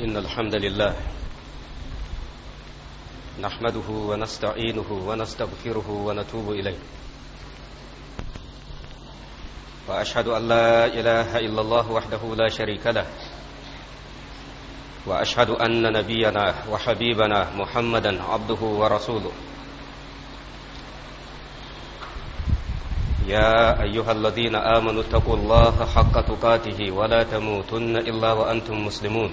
إن الحمد لله نحمده ونستعينه ونستغفره ونتوب إليه وأشهد أن لا إله إلا الله وحده لا شريك له وأشهد أن نبينا وحبيبنا محمدا عبده ورسوله يا أيها الذين آمنوا اتقوا الله حق تقاته ولا تموتن إلا وأنتم مسلمون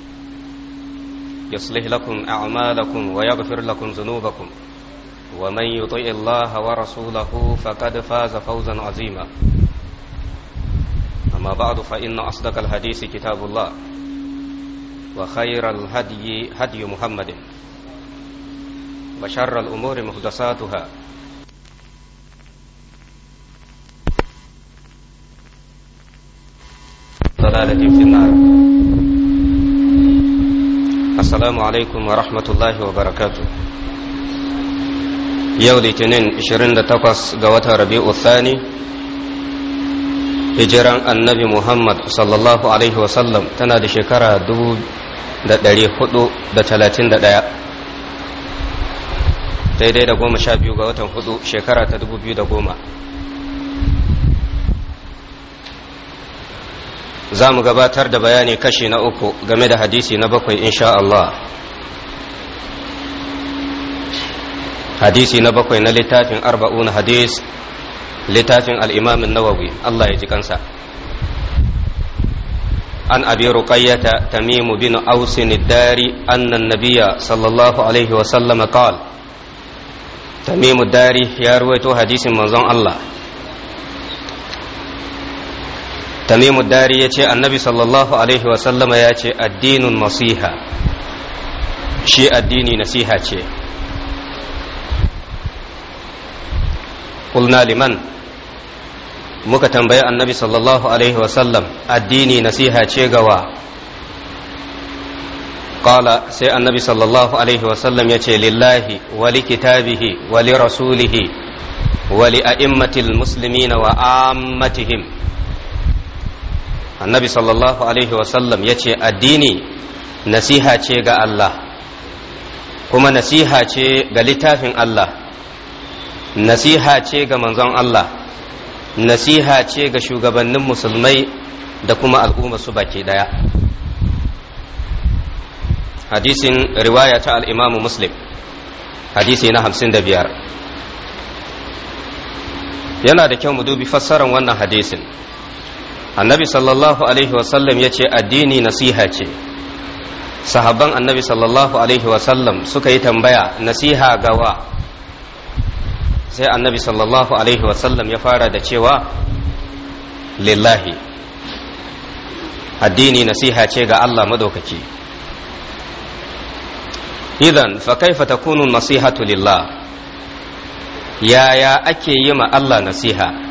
يصلح لكم أعمالكم ويغفر لكم ذنوبكم ومن يطع الله ورسوله فقد فاز فوزا عظيما أما بعد فإن أصدق الحديث كتاب الله وخير الهدي هدي محمد وشر الأمور محدثاتها ضلالة في النار Assalamu alaikum wa rahmatullahi wa barakatu. Yau Litinin 28 ga watan Rabi'u Thani, hijiran annabi Muhammad sallallahu Alaihi wa sallam tana da shekara 431 daidai da goma sha biyu ga watan hudu shekara ta 2010. za mu gabatar da bayani kashi na uku game da hadisi na bakwai insha Allah hadisi na bakwai na littafin arba'un hadis littafin al'imamin nawawi Allah ya ji kansa an abi ruqayyata tamimu bin ausin dari annan nabiya sallallahu alaihi wa sallama qala tamimu dari ya ruwaito hadisin manzon Allah tamimu dari ya ce annabi sallallahu alaihi wasallama ya ce addinin nasiha shi addini nasiha ce kulna muka tambayi annabi sallallahu alaihi wasallam addini nasiha ce gawa قال سي النبي صلى lillahi wali kitabihi يتي rasulihi wali a'immatil ولأئمة wa وعامتهم annabi sallallahu alaihi wasallam ya ce addini nasiha ce ga Allah kuma nasiha ce ga littafin Allah nasiha ce ga manzon Allah nasiha ce ga shugabannin musulmai da kuma al'umma su baki daya hadisin riwaya ta al'imamu muslim hadisi na hamsin da biyar yana da kyau mu dubi fassarar wannan hadisin annabi sallallahu alaihi wasallam ya ce addini nasiha ce sahabban annabi sallallahu alaihi wasallam suka yi tambaya nasiha gawa sai annabi sallallahu alaihi wasallam ya fara da cewa lillahi addini nasiha ce ga Allah madaukaki idan fa kaifa takunu nasihatu lillah yaya ake yi ma Allah nasiha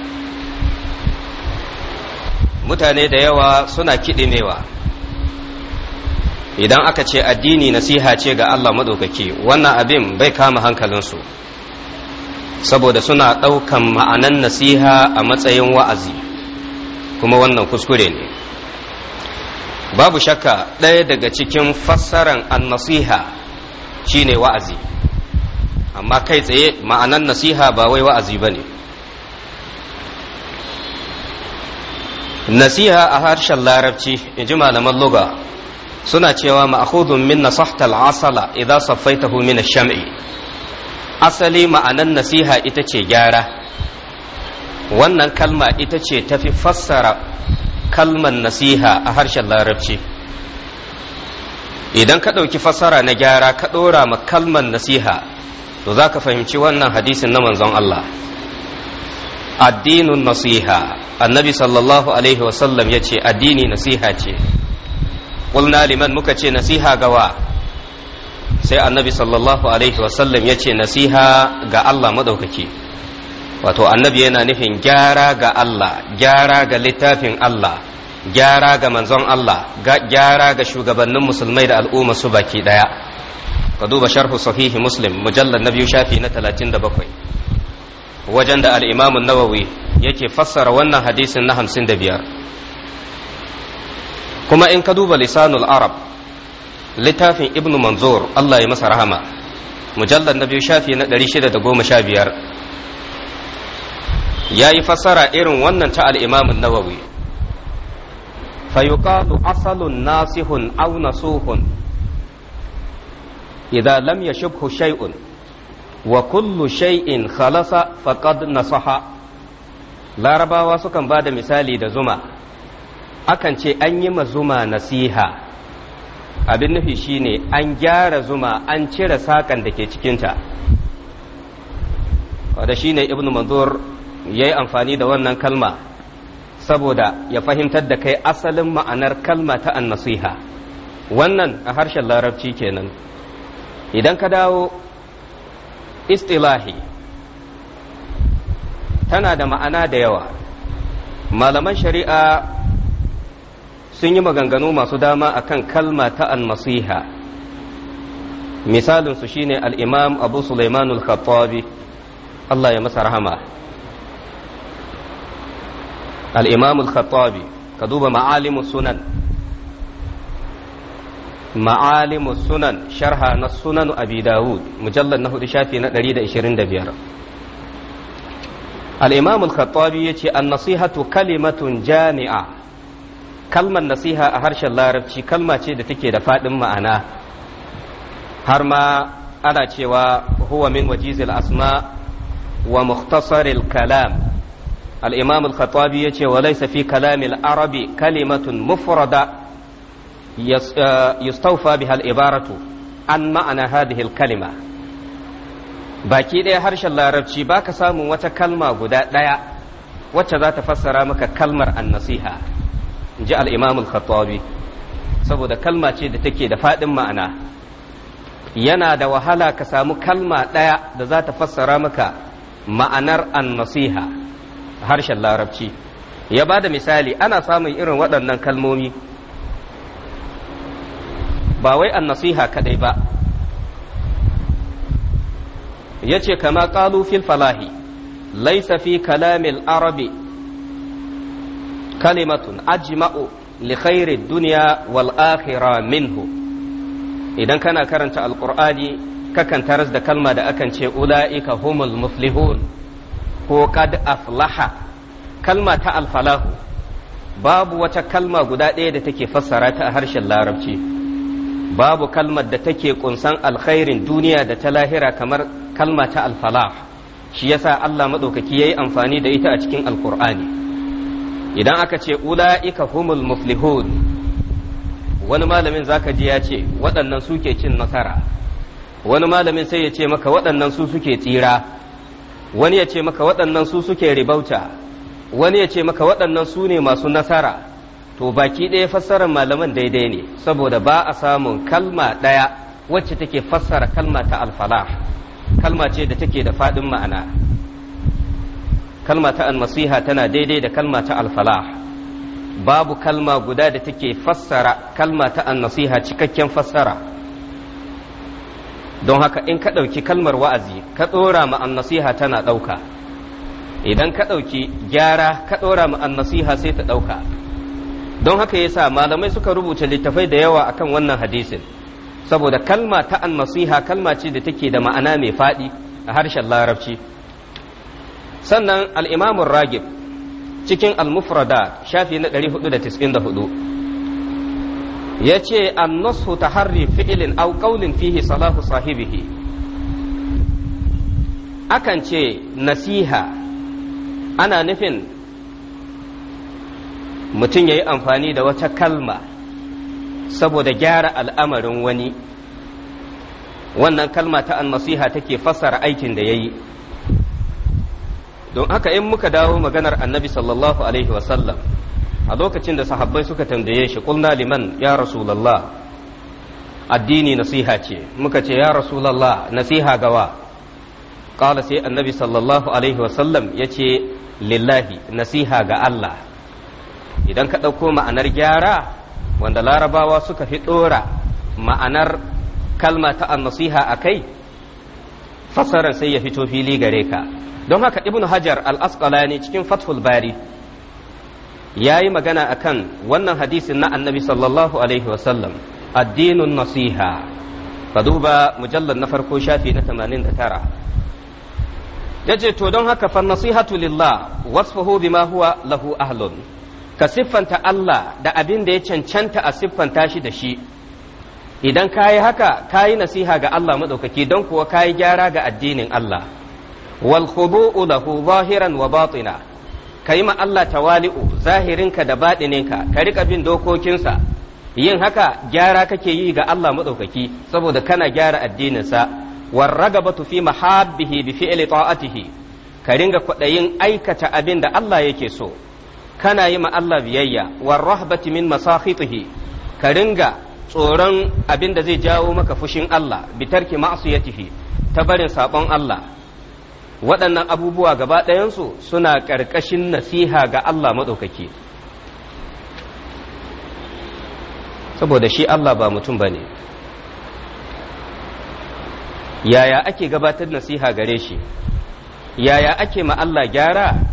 mutane da yawa suna kiɗimewa idan aka ce addini nasiha ce ga Allah maɗaukaki wannan abin bai kama hankalinsu saboda suna ɗaukan ma'anan nasiha a matsayin wa'azi kuma wannan kuskure ne babu shakka ɗaya daga cikin fassaran an-nasiha shine wa'azi amma kai tsaye ma'anan nasiha ba wai wa'azi ba ne nasiha a harshen larabci in ji malaman luga suna cewa ma'khudun min nasahta asala idan saffaitahu min ash-sham'i asali ma'anan nasiha ita ce gyara wannan kalma ita ce tafi fassara kalman nasiha a harshen larabci idan ka ɗauki fassara na gyara ka ɗora ma kalman nasiha to za ka fahimci wannan hadisin na manzon Allah addinun nasiha annabi sallallahu alaihi wasallam ya ce addini nasiha ce ƙulna liman muka ce nasiha gawa sai annabi sallallahu alaihi wasallam ya ce nasiha ga Allah maɗaukaki wato annabi yana nufin gyara ga Allah gyara ga littafin Allah gyara ga manzon Allah gyara ga shugabannin musulmai da al'umma su baki ɗaya ka duba sharhu sahihi muslim mujallar na biyu shafi na talatin da bakwai wajen da al'imamun nawawi yake fassara wannan hadisin na hamsin da biyar kuma in ka duba lisanul arab littafin ibnu manzur allah ya masa rahama mujallar na biyu shafi na ɗari shida da goma sha biyar ya yi fassara irin wannan ta al'imamun nawawi fayuqalu asalun nasihun aw nasuhun idza lam yashubhu shay'un wa kullu shay'in khalasa faqad nasaha larabawa sukan ba da misali da zuma akan ce an yi ma zuma nasiha abin nufi shine an gyara zuma an cire sakan da ke cikinta da shine ibn manzur ya yi amfani da wannan kalma saboda ya fahimtar da kai asalin ma'anar kalma ta an nasiha wannan a harshen larabci kenan idan ka dawo istilahi tana da ma'ana da yawa malaman shari'a sun yi maganganu masu dama akan kalma ta almasiha misalinsu shine al-imam abu sulaimanul khattabi Allah ya masa rahama al khattabi ka duba ma'alimus sunan ma'alimu sunan sharha na sunan abi mujallar na hudu shafi na 125 al-imam al-khattabi yace an-nasihatu kalimatun jami'a kalmar nasiha a harshen larabci kalma ce da take da fadin ma'ana har ma ana cewa huwa min asma wa muktasaril kalam al-imam al-khattabi yace wa laysa fi kalamil arabi kalimatun mufrada yustaufa bihal ibaratu an ma'ana hadihil kalima baki ɗaya harshen larabci baka samun wata kalma guda ɗaya wacce zata ta fassara maka kalmar annasiha in ji al'imamul khattabi saboda kalma ce da take da faɗin ma'ana yana da wahala ka samu kalma ɗaya da zata fassara maka ma'anar annasiha harshen larabci ya ba da misali ana samun irin waɗannan kalmomi ba wai an nasiha kadai ba yace kama qalu fil falahi laisa fi kalamil arabi kalimatun ajma'u li khairi duniya wal akhira minhu idan kana karanta Alƙur'ani kakan taras da kalma da akan ce ulaika humul muflihun ko kad aflaha kalma ta alfalahu babu wata kalma guda ɗaya da take fassara ta a harshen larabci babu kalmar da take kunsan alkhairin duniya da ta lahira kamar kalma ta alfalah shi yasa Allah maɗaukaki ya yi amfani da ita a cikin alkur'ani idan aka ce ula'ika humul muflihun wani malamin zaka ji ya ce waɗannan suke cin nasara wani malamin sai ya ce maka waɗannan su suke tsira wani ya ce maka waɗannan su suke ribauta wani ya ce maka waɗannan su ne masu nasara to baki ɗaya fassarar malaman daidai ne saboda ba a samun kalma ɗaya wacce take fassara kalma ta alfalah kalma ce da take da faɗin ma'ana kalma ta almasiha tana daidai da kalma ta alfalah babu kalma guda da take fassara kalma ta annasiha cikakken fassara don haka in ka ɗauki kalmar wa'azi ka ɗora ma annasiha tana ɗauka idan ka ɗauki gyara ka ɗora ma annasiha sai ta ɗauka don haka ya sa malamai suka rubuta littafai da yawa akan wannan hadisin saboda kalma ta an masiha kalma ce da take da ma'ana mai faɗi a harshen larabci sannan al'imamun ragib cikin al-mufrada shafi na 494 ya ce annasu ta harri fi'ilin au fihi salahu sahibihi akan ce nasiha ana nufin mutum ya yi amfani da wata kalma saboda gyara al'amarin wani wannan kalma ta al-masiha take fassara aikin da ya yi don haka in muka dawo maganar annabi sallallahu alaihi wasallam a lokacin da sahabbai suka tambaye shi kulna liman ya rasulallah addini nasiha ce muka ce ya rasulallah nasiha gawa ƙala sai annabi sallallahu alaihi wasallam ya ce lillahi nasiha ga Allah idan ka ɗauko ma'anar gyara wanda larabawa suka fi ɗora ma'anar kalma ta annasiha a kai fassarar sai ya fito fili gare ka don haka ibnu hajar al-asqalani cikin fathul bari ya yi magana a kan wannan hadisin na annabi sallallahu alaihi wasallam addinin nasiha ka duba mujallar na farko shafi na 89 ya ce to don haka fa nasihatu lillah wasfahu bima huwa lahu ahlun ka siffanta Allah da abin da ya cancanta a siffanta shi da shi idan ka yi haka ka yi nasiha ga Allah maɗaukaki don kuwa ka yi gyara ga addinin Allah wal khudu'u lahu zahiran wa batina ka yi ma Allah tawali'u zahirinka da baɗininka ka riƙa bin dokokinsa yin haka gyara kake yi ga Allah maɗaukaki saboda kana gyara addininsa war ragabatu fi mahabbihi bi fi'li ta'atihi ka ringa kwaɗayin aikata abin da Allah yake so kana yi ma Allah biyayya war rahbati min masakhitihi ka ringa tsoron abin da zai jawo maka fushin Allah bitarki ma'asiyatihi ta barin sabon Allah waɗannan abubuwa gaba ɗayansu suna ƙarƙashin nasiha ga Allah maɗaukaki saboda shi Allah ba mutum ba ne yaya ake gabatar nasiha gare shi yaya ake ma Allah gyara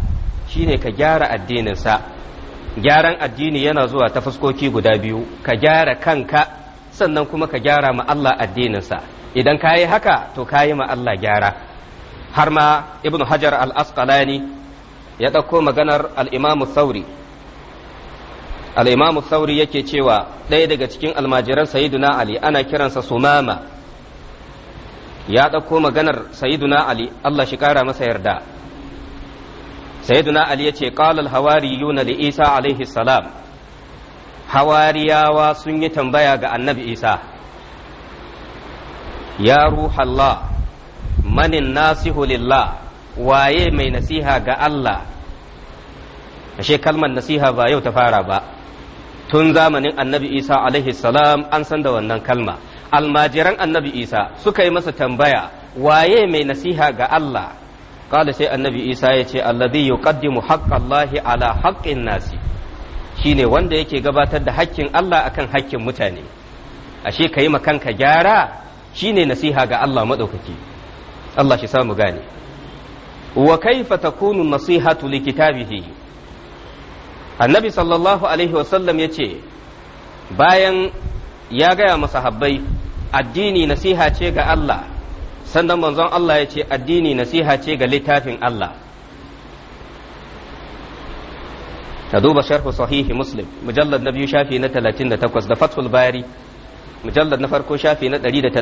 Shi ne ka gyara addininsa gyaran addini yana zuwa ta fuskoki guda biyu ka gyara kanka sannan kuma ka gyara ma Allah addininsa idan ka yi haka to ka yi ma Allah gyara har ma ibn hajar al-asqalani ya ɗauko maganar al-imamu sauri al-imamu sauri yake cewa ɗaya daga cikin almajiran sayyiduna ali ana kiransa sumama ya ɗauko maganar sayyiduna ali Allah shi ƙara masa yarda sayyiduna ali yace qala al hawariyuna li isa alaihi salam hawariyawa sun yi tambaya ga annabi isa ya ruhallah manin nasihu lillah waye mai nasiha ga Allah ashe kalmar nasiha ba yau ta fara ba tun zamanin annabi isa alaihi salam an san da wannan kalma almajiran annabi isa suka yi masa tambaya waye mai nasiha ga Allah qala sai annabi isa ya ce alladhi yuqaddimu haqqallahi ala haqqin nasi shine wanda yake gabatar da hakkin Allah akan hakkin mutane ashe kayi makanka gyara shine nasiha ga Allah madaukaki Allah shi samu gane wa kaifa takunu nasihatu likitabihi annabi sallallahu alaihi wasallam yace bayan ya gaya masahabbai addini nasiha ce ga Allah sannan manzon Allah ya ce addini nasiha ce ga littafin Allah ka duba sharhu sahihi muslim mujallad na biyu shafi na 38 da fathul bari mujallad na farko shafi na 138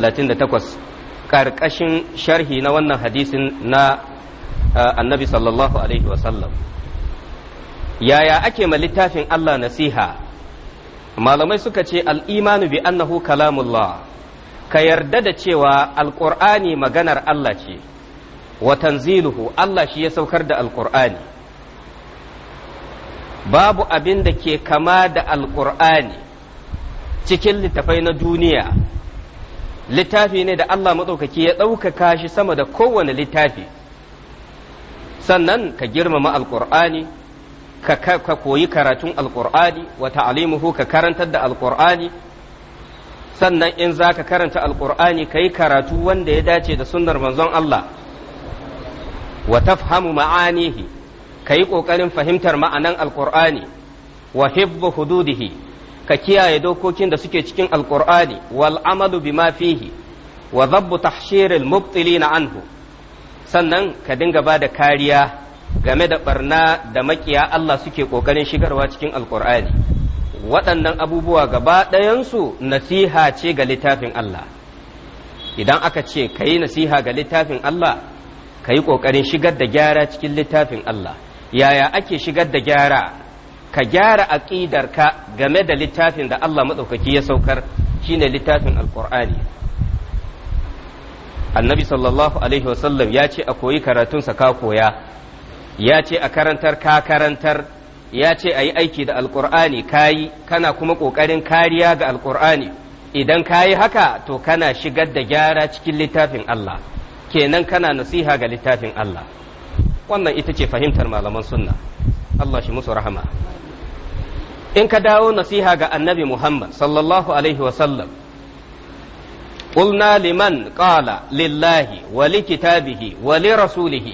karkashin sharhi na wannan hadisin na annabi sallallahu alaihi wasallam yaya ake ma littafin Allah nasiha malamai suka ce al'imanu bi annahu kalamullah ka yarda da cewa alƙur'ani maganar Allah ce wa tanziluhu Allah shi ya saukar da alƙur'ani babu abin da ke kama da alƙur'ani cikin littafai na duniya littafi ne da Allah maɗaukaki ya ɗaukaka shi sama da kowane littafi sannan ka girmama alƙur'ani ka koyi karatun alƙur'ani wa ta'alimuhu ka karantar da alƙur'ani sannan in za ka karanta alƙur'ani ka yi karatu wanda ya dace da sunnar manzon Allah wa tafhamu ma'anihi ka yi ƙoƙarin fahimtar ma'anan alƙur'ani wa hibbu hududihi ka kiyaye dokokin da suke cikin alƙur'ani wal amalu bima fihi wa dhabbu tahshiril mubtilina anhu sannan ka dinga ba da kariya game da barna da makiya Allah suke ƙoƙarin shigarwa cikin alƙur'ani waɗannan abubuwa gaba ɗayansu nasiha ce ga littafin Allah idan aka ce ka yi nasiha ga littafin Allah ka yi ƙoƙarin shigar da gyara cikin littafin Allah yaya ake shigar da gyara ka gyara aƙidarka game da littafin da Allah maɗaukaki ya saukar shine littafin alƙur'ani annabi sallallahu alaihi wasallam ya ce a koyi karatunsa ka koya ya ce a karantar ka karantar ya ce a yi aiki da alkur'ani kayi kana kuma ƙoƙarin kariya ga alkur'ani idan kayi haka to kana shigar da gyara cikin littafin Allah kenan kana nasiha ga littafin Allah wannan ita ce fahimtar malaman sunna Allah shi musu rahama in ka dawo nasiha ga annabi Muhammad sallallahu alaihi wasallam قلنا لمن قال لله ولكتابه ولرسوله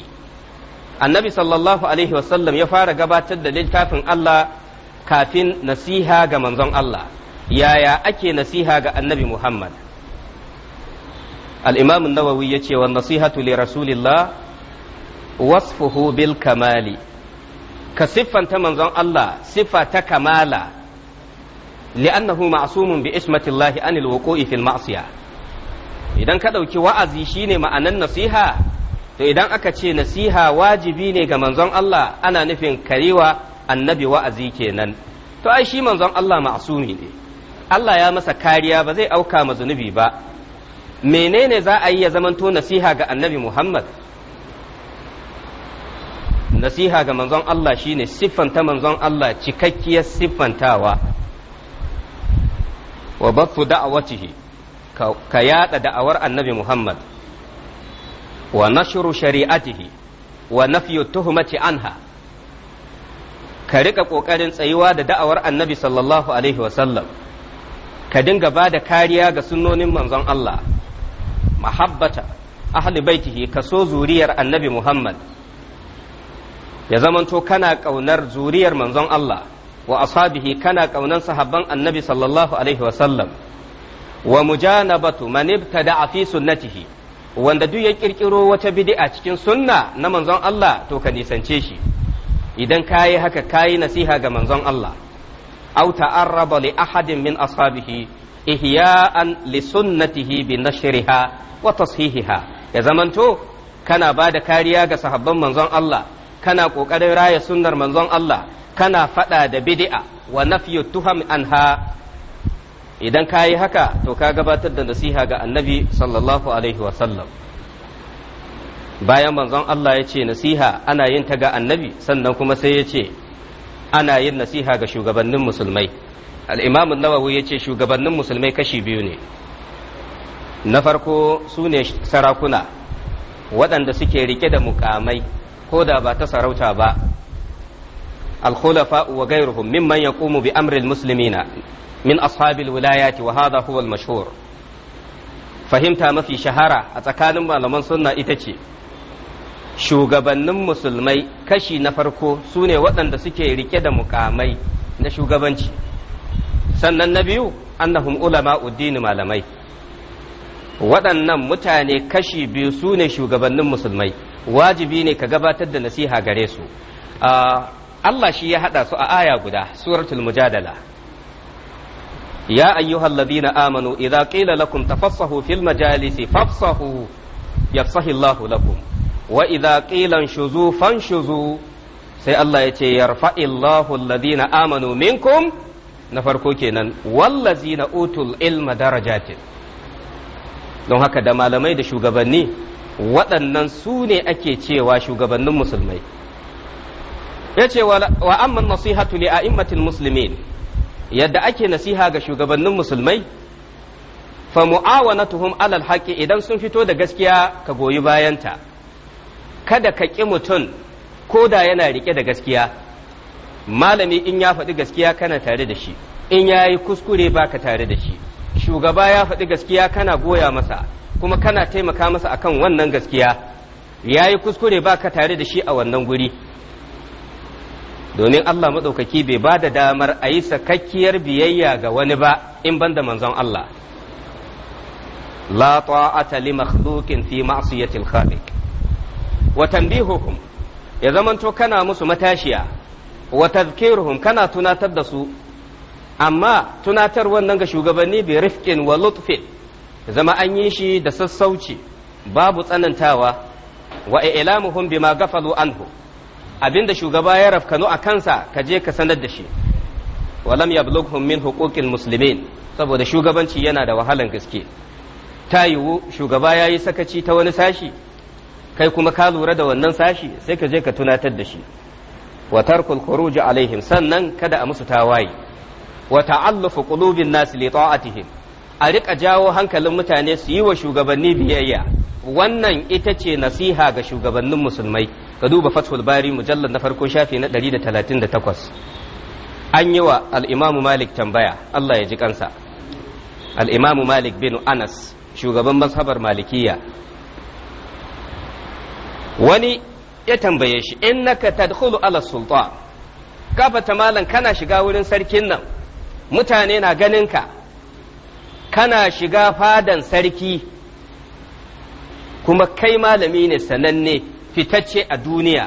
annabi sallallahu alaihi wasallam ya fara gabatar da littafin Allah kafin nasiha ga manzon Allah yaya ake nasiha ga annabi Muhammad al-imam an-nawawi yace wa nasihatu li rasulillah wasfuhu bil kamali ka siffanta manzon Allah siffa ta kamala li'annahu ma'sumun bi ismatillahi anil wuqu'i fil ma'siyah idan ka ɗauki wa'azi shine ma'anan nasiha to idan aka ce nasiha wajibi ne ga manzon Allah ana nufin karewa annabi wa'azi kenan to ai shi manzon Allah ma'asumi ne Allah ya masa kariya ba zai auka ma zunubi ba menene za a yi ya zamanto nasiha ga annabi Muhammad nasiha ga manzon Allah shine siffanta manzon Allah cikakkiyar siffantawa wa battu da'awatihi ka yada da'awar annabi Muhammad wa nashru shari'atihi wa nafyu tuhmati anha ka riƙa ƙoƙarin tsayuwa da da'awar annabi sallallahu alaihi wasallam ka dinga bada kariya ga sunnonin manzon Allah mahabbata ahli baitihi ka so zuriyar annabi Muhammad ya zamanto kana kaunar zuriyar manzon Allah wa ashabihi kana kaunar sahaban annabi sallallahu alaihi wasallam wa mujanabatu man ibtada'a fi sunnatihi wanda duk ya kirkiro wata bid'a cikin sunna na manzon Allah to ka nisance shi idan kayi haka kayi nasiha ga manzon Allah aw ta'arraba li ahadin min ashabihi ihya'an li sunnatihi bi nashriha wa tashihiha ya zamanto kana ba da kariya ga sahabban manzon Allah kana kokarin raya sunnar manzon Allah kana fada da bid'a wa nafyu tuham anha idan ka yi haka to ka gabatar da nasiha ga annabi sallallahu alaihi wasallam bayan manzon Allah ya ce nasiha ana yin ta ga annabi sannan kuma sai ya ce ana yin nasiha ga shugabannin musulmai al'imamun nawawi ya ce shugabannin musulmai kashi biyu ne na farko su ne sarakuna waɗanda suke rike da mukamai ko da ba ta sarauta ba al-khulafa wa gairuhum mimman yaqumu bi al muslimina min ashabil wilayati wa hadha huwa al fahimta mafi shahara a tsakanin malaman sunna ita ce shugabannin musulmai kashi na farko su ne waɗanda suke rike da mukamai na shugabanci sannan na biyu annahum ulama uddini malamai waɗannan mutane kashi biyu su ne shugabannin musulmai wajibi ne ka gabatar da nasiha gare su ah, Allah shi ya haɗa su a aya guda suratul mujadala ya ayyuhal ladina amanu idza qila lakum tafassahu fil majalisi fafsahu yafsahi Allahu lakum wa idza qila shuzu fanshuzu sai Allah ya ce yarfa'illahu alladhina amanu minkum na farko kenan wallazina utul ilma darajatin don haka da malamai da shugabanni waɗannan su ne ake cewa shugabannin musulmai ya ce wa amman nasihatu li a'immatil muslimin yadda ake nasiha ga shugabannin musulmai fa mu'awanatuhum alal haqqi idan sun fito da gaskiya ka goyi bayanta kada ka ki mutum ko da yana rike da gaskiya malami in ya faɗi gaskiya kana tare da shi in ya yi kuskure baka tare da shi shugaba ya faɗi gaskiya kana goya masa kuma kana taimaka masa akan wannan gaskiya ya yi kuskure baka tare da shi a wannan guri domin Allah maɗaukaki bai ba da damar a yi sakakkiyar biyayya ga wani ba in ban da manzon Allah la ta'ata li makhluqin fi ma'siyatil khaliq wa tanbihukum ya zamanto kana musu matashiya wa tadhkiruhum kana tunatar da su amma tunatar wannan ga shugabanni bi rifqin wa lutfin zama an yi shi da sassauci babu tsanantawa wa ilamuhum bima gafalu anhu abinda shugaba ya rafkanu a kansa ka je ka sanar da shi walam yablughum min hukukin musulmin saboda shugabanci yana da wahalan gaske ta yiwu shugaba ya yi sakaci ta wani sashi kai kuma ka lura da wannan sashi sai ka je ka tunatar da shi wa tarkul khuruj alaihim sannan kada a musu tawaye wa ta'allufu qulubin nas li ta'atihim a riƙa jawo hankalin mutane su yi wa shugabanni biyayya wannan ita ce nasiha ga shugabannin musulmai ka duba fathul bari mujallar na farko shafi na 138 an yi wa al'imamu malik tambaya Allah ya ji kansa al'imamu malik bin anas shugaban mazhabar malikiya wani ya tambaye shi in naka tadkhulu ala sultan kafa malam kana shiga wurin sarkin nan mutane na ganinka kana shiga fadan sarki kuma kai malami ne sananne fitacce a duniya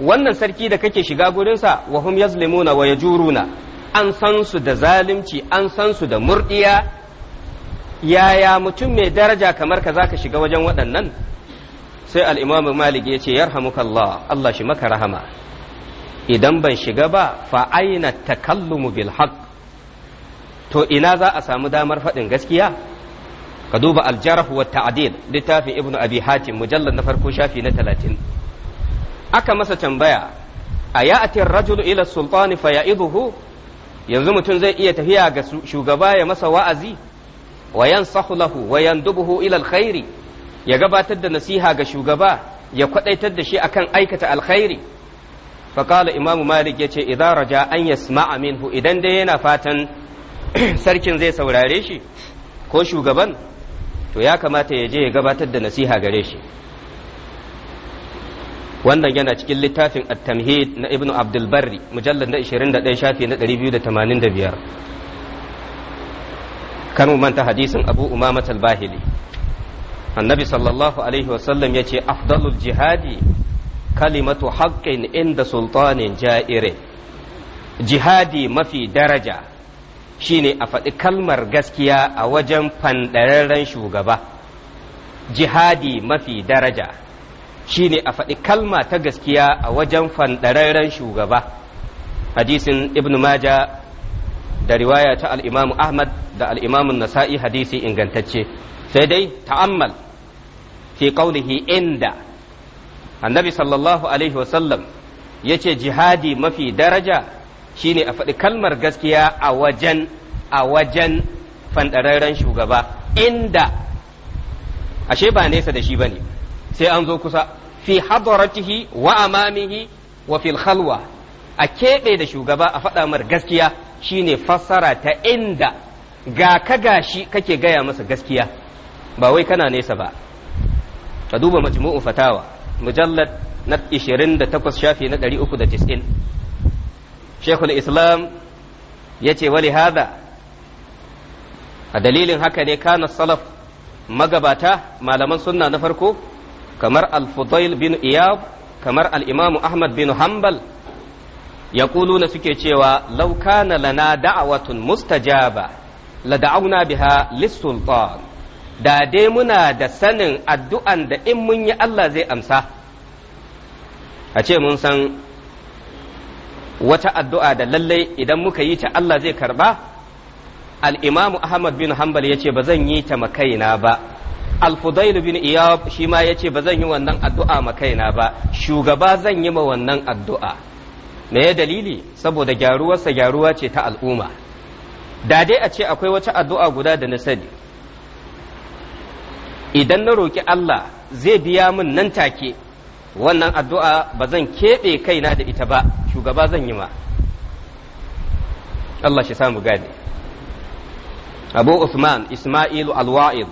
wannan sarki da kake shiga gurinsa wa hum yazlimuna wa yajuruna an san su da zalunci an san su da murdiya yaya mutum mai daraja kamar ka zaka shiga wajen waɗannan sai al-imam malik ya ce yarhamukallah Allah shi maka rahama idan ban shiga ba fa aina takallumu bil haqq to ina za a samu damar faɗin gaskiya ka duba aljarh wa ta'dil littafin ibnu abi hatim mujallad na farko shafi na 30 aka masa tambaya a ya'ati ar-rajulu ila sultani faya'iduhu yanzu mutum zai iya tafiya ga shugaba ya masa wa'azi wa yansahu lahu wa yandubuhu ila alkhairi ya gabatar da nasiha ga shugaba ya kwadaitar da shi akan aikata alkhairi fa qala imamu malik yace idza raja an yasma'a minhu idan dai yana fatan sarkin zai saurare shi ko shugaban to ya kamata ya je ya gabatar da nasiha gare shi wannan yana cikin littafin at-tamhid na ibnu abdul barri mujallad na 21 shafi na 285 kan manta hadisin abu umama al-bahili annabi sallallahu alaihi wasallam yace afdalul jihadi kalimatu haqqin inda sultanin ja'ire jihadi mafi daraja Shi ne a faɗi kalmar gaskiya a wajen fandararren shugaba jihadi mafi daraja Shi ne a faɗi kalma ta gaskiya a wajen fandararren shugaba hadisin ibn maja da riwaya ta al'imamu ahmad da al'imamun nasa'i hadisi ingantacce sai dai ta'ammal fi ƙaunihi inda annabi sallallahu alaihi wasallam ya ce jihadi mafi daraja shine a faɗi kalmar gaskiya a wajen a wajen fandararren shugaba inda ashe ba nesa da shi bane sai an zo kusa fi hadaratihi wa amamihi wa fil khalwa a keɓe da shugaba a faɗa mar gaskiya shine fassara ta inda ga ka gashi kake gaya masa gaskiya ba wai kana nesa ba ka duba majmu'u fatawa mujallad na 28 shafi na 390 shekul islam ya ce wali hada a dalilin haka ne kana salaf magabata malaman sunna na farko kamar al bin iyab kamar al-imamu ahmad bin hanbal yaquluna suke cewa law kana lana da'watun mustajaba la da'awna biha lis-sultan da muna da sanin addu'an da in mun yi Allah zai amsa a ce mun san wata addu'a da lallai idan muka yi ta Allah zai karba al'imamu Ahmad bin Hanbal ce ba zan yi ta makaina ba al-Fudail bin Iyab shi ma ce ba zan yi wannan addu'a makaina ba shugaba zan yi ma wannan addu'a me ya dalili saboda gyaruwarsa gyaruwa ce ta al'umma da dai a ce akwai wata addu'a guda da na idan na roƙi Allah zai biya min nan take wannan addu'a ba zan keɓe kaina da ita ba shugaba zan yi ma Allah shi samu gane Abu Usman Ismailu Alwa'il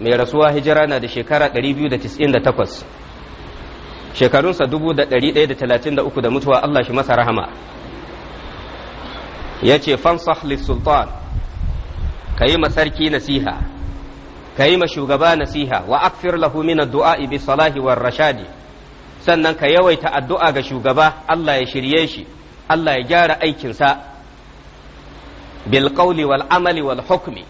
mai rasuwa hijira na da shekara 298 shekarunsa 1133 da mutuwa Allah shi masa rahama ya ce fansah sultan ka yi sarki nasiha ka yi ma shugaba nasiha wa akfir lahu min addu'a bi salahi war rashadi sannan ka yawaita addu'a ga shugaba Allah ya shirye shi Allah ya gyara aikinsa bil wal amali wal hukmi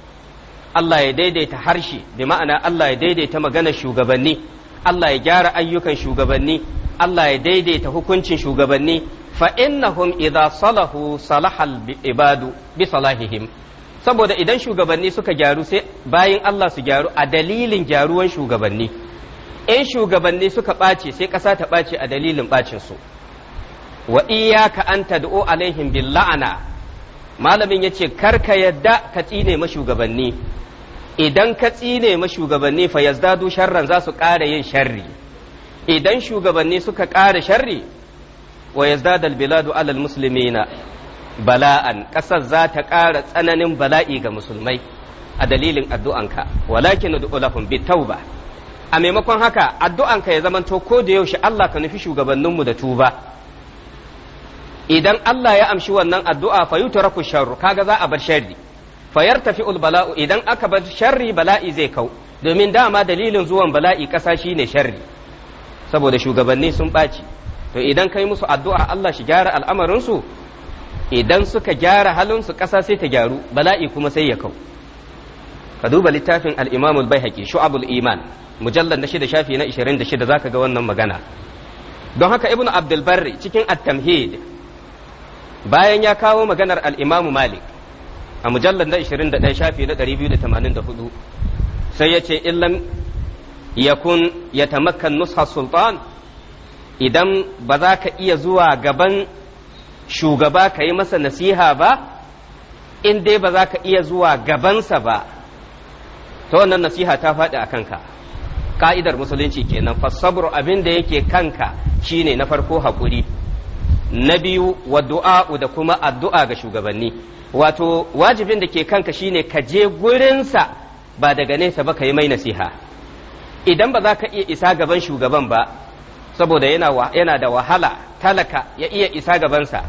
Allah ya daidaita harshe bi ma'ana Allah ya daidaita maganar shugabanni Allah ya gyara ayyukan shugabanni Allah ya daidaita hukuncin shugabanni fa innahum idza salahu salahal ibadu bi salahihim saboda idan shugabanni suka gyaru sai bayan Allah su gyaru a dalilin gyaruwan shugabanni in shugabanni suka ɓace sai ƙasa ta ɓace a dalilin ɓacinsu wa iyaka an tad'u alaihim bin la'ana malamin yace kar ka yadda ka tsine mashugabanni idan ka tsine mashugabanni fa yazdadu sharran za su ƙara yin sharri idan shugabanni suka ƙara sharri wa yazdadu al biladu alal muslimina bala'an ƙasar za ta ƙara tsananin bala'i ga musulmai a dalilin addu'anka walakin ud'u lahum bi tauba a maimakon haka addu'an ka ya zamanto ko da yaushe Allah ka nufi shugabanninmu da tuba idan Allah ya amshi wannan addu'a fa yutraku sharru kaga za a bar sharri Fayar tafi ulbala'u idan aka bar sharri bala'i zai kau domin dama dalilin zuwan bala'i ƙasa shine sharri saboda shugabanni sun ɓaci to idan ka yi musu addu'a Allah shi gyara al'amarinsu idan suka gyara halinsu ƙasa sai ta gyaru bala'i kuma sai ya kau ka duba littafin al-Imam Shu'abul Iman mujallar na shida shafi na 26 zaka ga wannan magana don haka ibnu abdul barri cikin at-tamhid bayan ya kawo maganar al-imamu malik a mujallar na 21 shafi na 284 sai ya ce illam yakun yatamakkan nusha sultan idan ba za ka iya zuwa gaban shugaba ka yi masa nasiha ba in dai ba za ka iya zuwa gabansa ba ta wannan nasiha ta faɗi a kanka ka'idar musulunci kenan sabru abin da yake kanka shine na farko hakuri na biyu wa du'a'u da kuma addu'a ga shugabanni wato wajibin da ke kanka shine ka je gurinsa ba daga nesa ba ka mai nasiha idan ba za ka iya isa gaban shugaban ba saboda yana da wahala talaka ya iya isa gabansa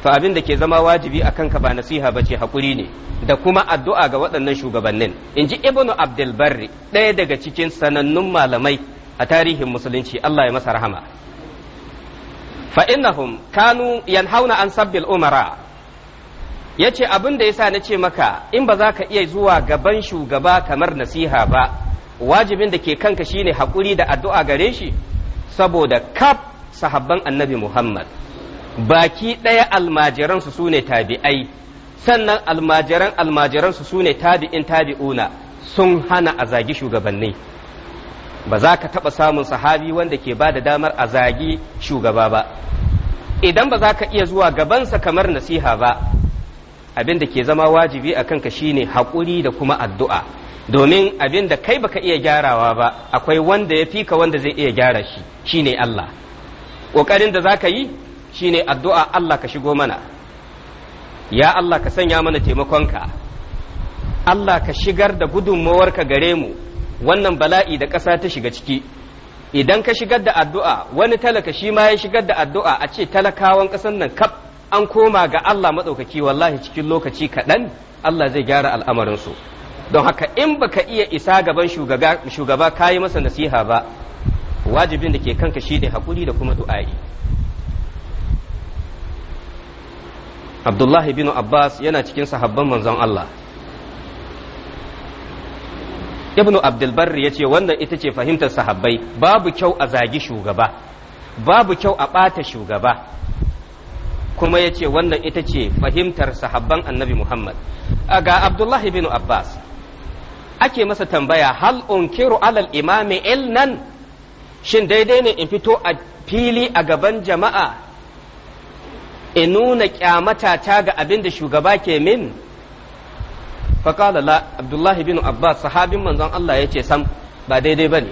Fa abin da ke zama wajibi a kanka ba nasiha ba ce haƙuri ne da kuma addu'a ga waɗannan shugabannin in ji ibnu abdulbarri ɗaya daga cikin sanannun malamai a tarihin musulunci allah ya masa rahama fa innahum kanu yanhauna an sabbin umara ce abin da yasa ce maka in ba za ka iya zuwa gaban shugaba kamar nasiha ba wajibin da ke kanka shine haƙuri da addu'a gare shi saboda kaf sahabban annabi muhammad baki ɗaya almajiransu su ne tabi'ai sannan almajiran almajiransu su ne tabi'in tabi'una sun hana a zagi shugabanni ba za ka taɓa samun sahabi wanda ke ba da damar a zagi shugaba ba idan ba za ka iya zuwa gabansa kamar nasiha ba abin da ke zama wajibi a kanka shine haƙuri da kuma addu'a domin abin da kai baka iya gyarawa ba akwai wanda ya fika wanda zai iya gyara shi shine Allah ƙoƙarin da za ka yi shine addu'a Allah ka shigo mana ya Allah ka sanya mana taimakonka Allah ka shigar da ka gare mu wannan bala'i da ƙasa ta shiga ciki idan ka shigar da addu'a wani talaka shi ma ya shigar da addu'a a ce talakawan ƙasar nan kaf an koma ga Allah maɗaukaki wallahi cikin lokaci kaɗan Allah zai gyara al'amarinsu don haka in baka iya isa gaban shugaba ka yi masa nasiha ba wajibin da ke kanka shi ne haƙuri da kuma du'a'i abdullahi bin abbas yana cikin sahabban manzon allah ibnu abdulbarri ya ce wannan ita ce fahimtar sahabbai babu kyau a zagi shugaba babu kyau a ɓata shugaba kuma ya ce wannan ita ce fahimtar sahabban annabi muhammad ga abdullahi bin abbas ake masa tambaya hal unkiru alal imami ilnan shin daidai ne in fito a fili a gaban jama'a in nuna kyamata ta ga abin da shugaba ke min faƙala abdullahi bin abbas sahabin manzon Allah ya ce sam ba daidai ba ne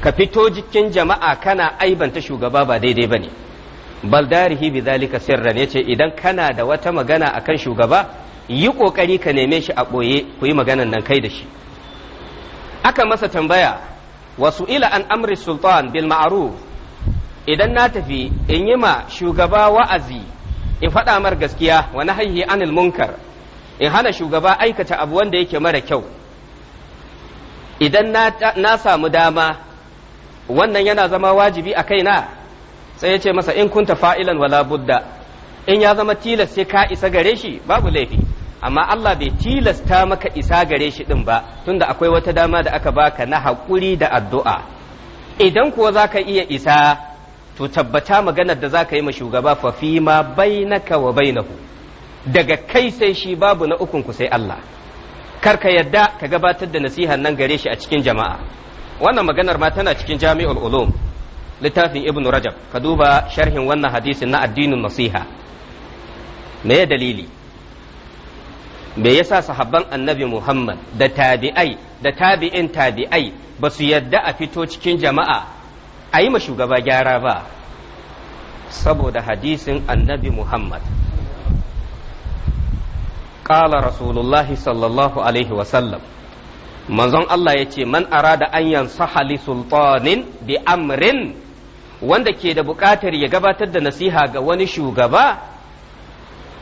ka fito jikin jama'a kana aibanta shugaba ba daidai ba ne baldarihi bi zalika sirran ce idan kana da wata magana akan shugaba yi ƙoƙari ka neme shi a ɓoye ku yi maganan nan kai da shi aka masa tambaya wasu ila an amri sultan bil ma'ruf idan na tafi in yi ma shugaba wa'azi in faɗa mar gaskiya wani nahyi anil munkar in hana shugaba aikata abu wanda yake mara kyau idan na samu dama wannan yana zama wajibi a kaina sai ya ce masa in kunta fa'ilan wala budda in ya zama tilas sai ka isa gare shi babu laifi amma Allah bai tilasta maka isa gare shi din ba tunda akwai wata dama da aka baka na haƙuri da addu'a idan kuwa za ka iya isa to tabbata maganar da za ka yi ma shugaba fa fi ma bainaka wa bainahu daga kai sai shi babu na ukun ku sai Allah kar ka yadda ka gabatar da nasihan nan gare shi a cikin jama'a wannan maganar ma tana cikin jami'ul ulum littafin ibnu rajab ka duba sharhin wannan hadisin na addinin nasiha me dalili me yasa sahabban annabi Muhammad da tabi'ai da tabi'in tabi'ai ba su yadda a fito cikin jama'a a yi ma shugaba gyara ba saboda hadisin annabi Muhammad ƙala rasulullahi sallallahu alaihi wasallam manzon Allah ya ce man arada an yansaha li sultanin bi amrin wanda ke da buƙatar ya gabatar da nasiha ga wani shugaba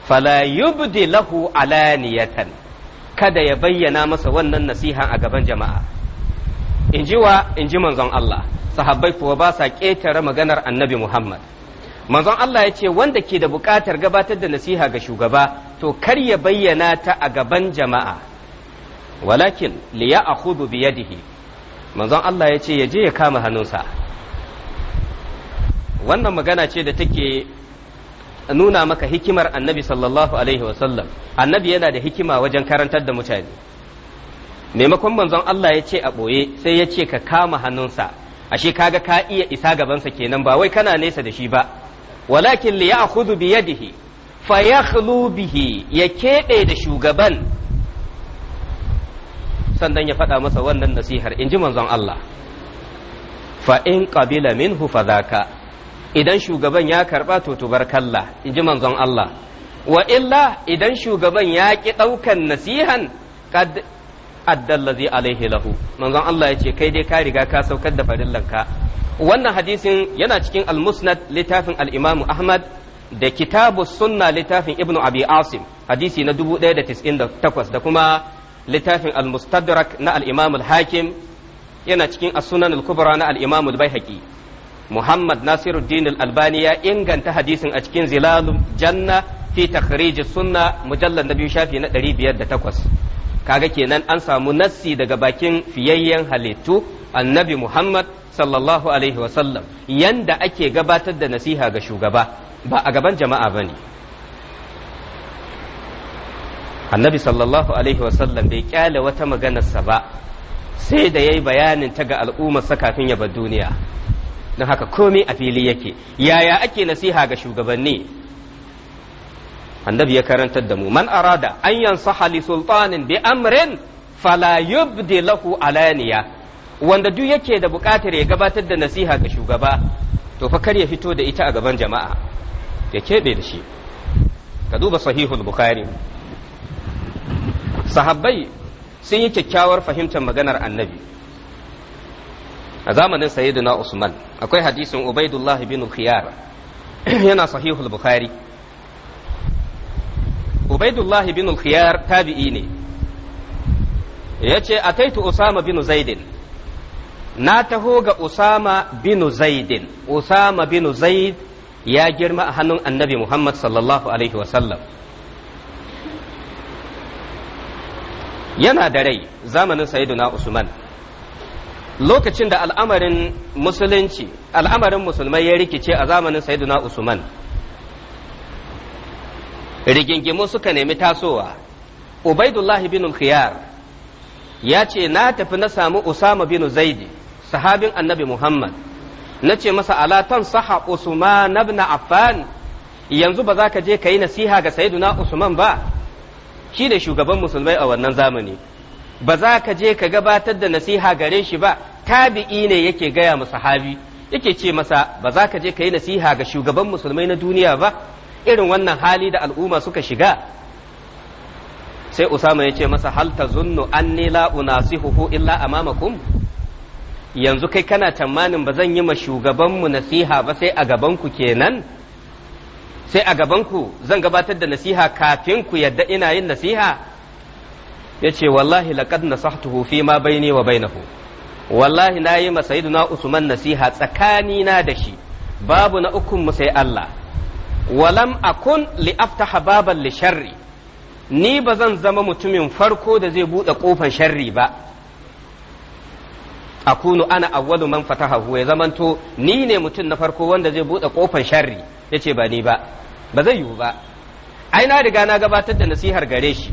fala yubdi lahu alaniyatan kada ya bayyana masa wannan nasiha a gaban jama'a in ji wa in ji manzon Allah sahabbai kuwa ba sa ƙetare maganar annabi Muhammad manzon Allah ya ce wanda ke da buƙatar gabatar da nasiha ga shugaba to kar ya bayyana ta a gaban jama'a walakin li ya'khudhu bi yadihi manzon Allah ya ce ya je ya kama hannunsa wannan magana ce da take nuna maka hikimar annabi sallallahu alaihi wasallam annabi yana da hikima wajen karantar da mutane maimakon manzon Allah ya ce a ɓoye sai ya ce ka kama hannunsa ashe kaga ka iya isa gabansa kenan ba wai kana nesa da shi ba walakin li ya'khudhu bi yadihi fa yakhlu bihi ya keɗe da shugaban sannan ya faɗa masa wannan nasihar in ji manzon Allah fa in qabila minhu fadhaka idan shugaban ya karba to tubarkalla in ji manzon Allah wa illa idan shugaban ya ki ɗaukan nasihan addallazi alaihi lahu manzon Allah ya ce kai dai ka riga ka saukar da farillanka wannan hadisin yana cikin al-musnad littafin al-imam Ahmad da kitabu sunna littafin ibnu abi asim hadisi na 1098 da kuma littafin al-mustadrak na al-imam al-hakim yana cikin as-sunan al-kubra na al-imam al-baihaqi Muhammad Nasiruddin al-Albani ya inganta hadisin a cikin zilalul janna fi takhrij sunna mujallad na biyu shafi na 508 kaga kenan an samu nassi daga bakin fiyayyen halittu annabi Muhammad sallallahu alaihi wasallam yanda ake gabatar da nasiha ga shugaba ba a gaban jama'a ba ne annabi sallallahu alaihi wasallam bai kyale wata maganarsa ba sai da ya yi bayanin ta ga al'ummarsa kafin ya bar duniya don haka komai a fili yake yaya ake nasiha ga shugabanni annabi ya karantar da mu man arada an yansaha li sultanin bi amrin fala yubdi lahu alaniya wanda duk yake da buƙatar ya gabatar da nasiha ga shugaba to fa kar ya fito da ita a gaban jama'a ya kebe da shi ka duba sahihul bukhari sahabbai sun yi kyakkyawar fahimtar maganar annabi a zamanin sayyidina usman akwai hadisin ubaidullah bin khiyar yana sahihul bukhari ubaidullahi bin khiyar tabi'i ne yace ce ataitu usama bin zaidin na taho ga usama bin zaidin usama bin zaid ya girma a hannun annabi muhammad sallallahu alaihi wasallam yana da rai zamanin sayyiduna usman lokacin da al'amarin musulunci al'amarin musulmai ya rikice a zamanin sayyiduna usman rigingimu suka nemi tasowa ubaidullahi bin khiyar ya ce na tafi na samu usama bin zaidi sahabin annabi muhammad na ce masa alatan saha usman ibn affan yanzu ba za ka je ka nasiha ga sayyiduna usman ba shi ne shugaban musulmai a wannan zamani ba za ka je ka gabatar da nasiha gare shi ba tabi'i ne yake gaya ma sahabi yake ce masa ba za ka je ka yi nasiha ga shugaban musulmai na duniya ba irin wannan hali da al'umma suka shiga sai usama ya ce masa hal ta tazunnu anni la unasihuhu illa amamakum yanzu kai kana tamanin ba zan yi ma shugabanmu nasiha ba sai a gabanku kenan sai a gabanku zan gabatar da nasiha kafin ku yadda ina yin nasiha ya ce wallahi laqad nasahtuhu fi ma baini wa bainahu wallahi na yi ma sayyiduna usman nasiha tsakanina da shi babu na ukunmu sai Allah walam akun li aftaha baban li sharri ni bazan zama mutumin farko da zai buɗe ƙofar sharri ba akunu ana awwalu man fatahahu ya zamanto ni ne mutum na farko wanda zai buɗe ƙofar sharri yace ba ni ba ba zai yiwu ba ai na riga na gabatar da nasihar gare shi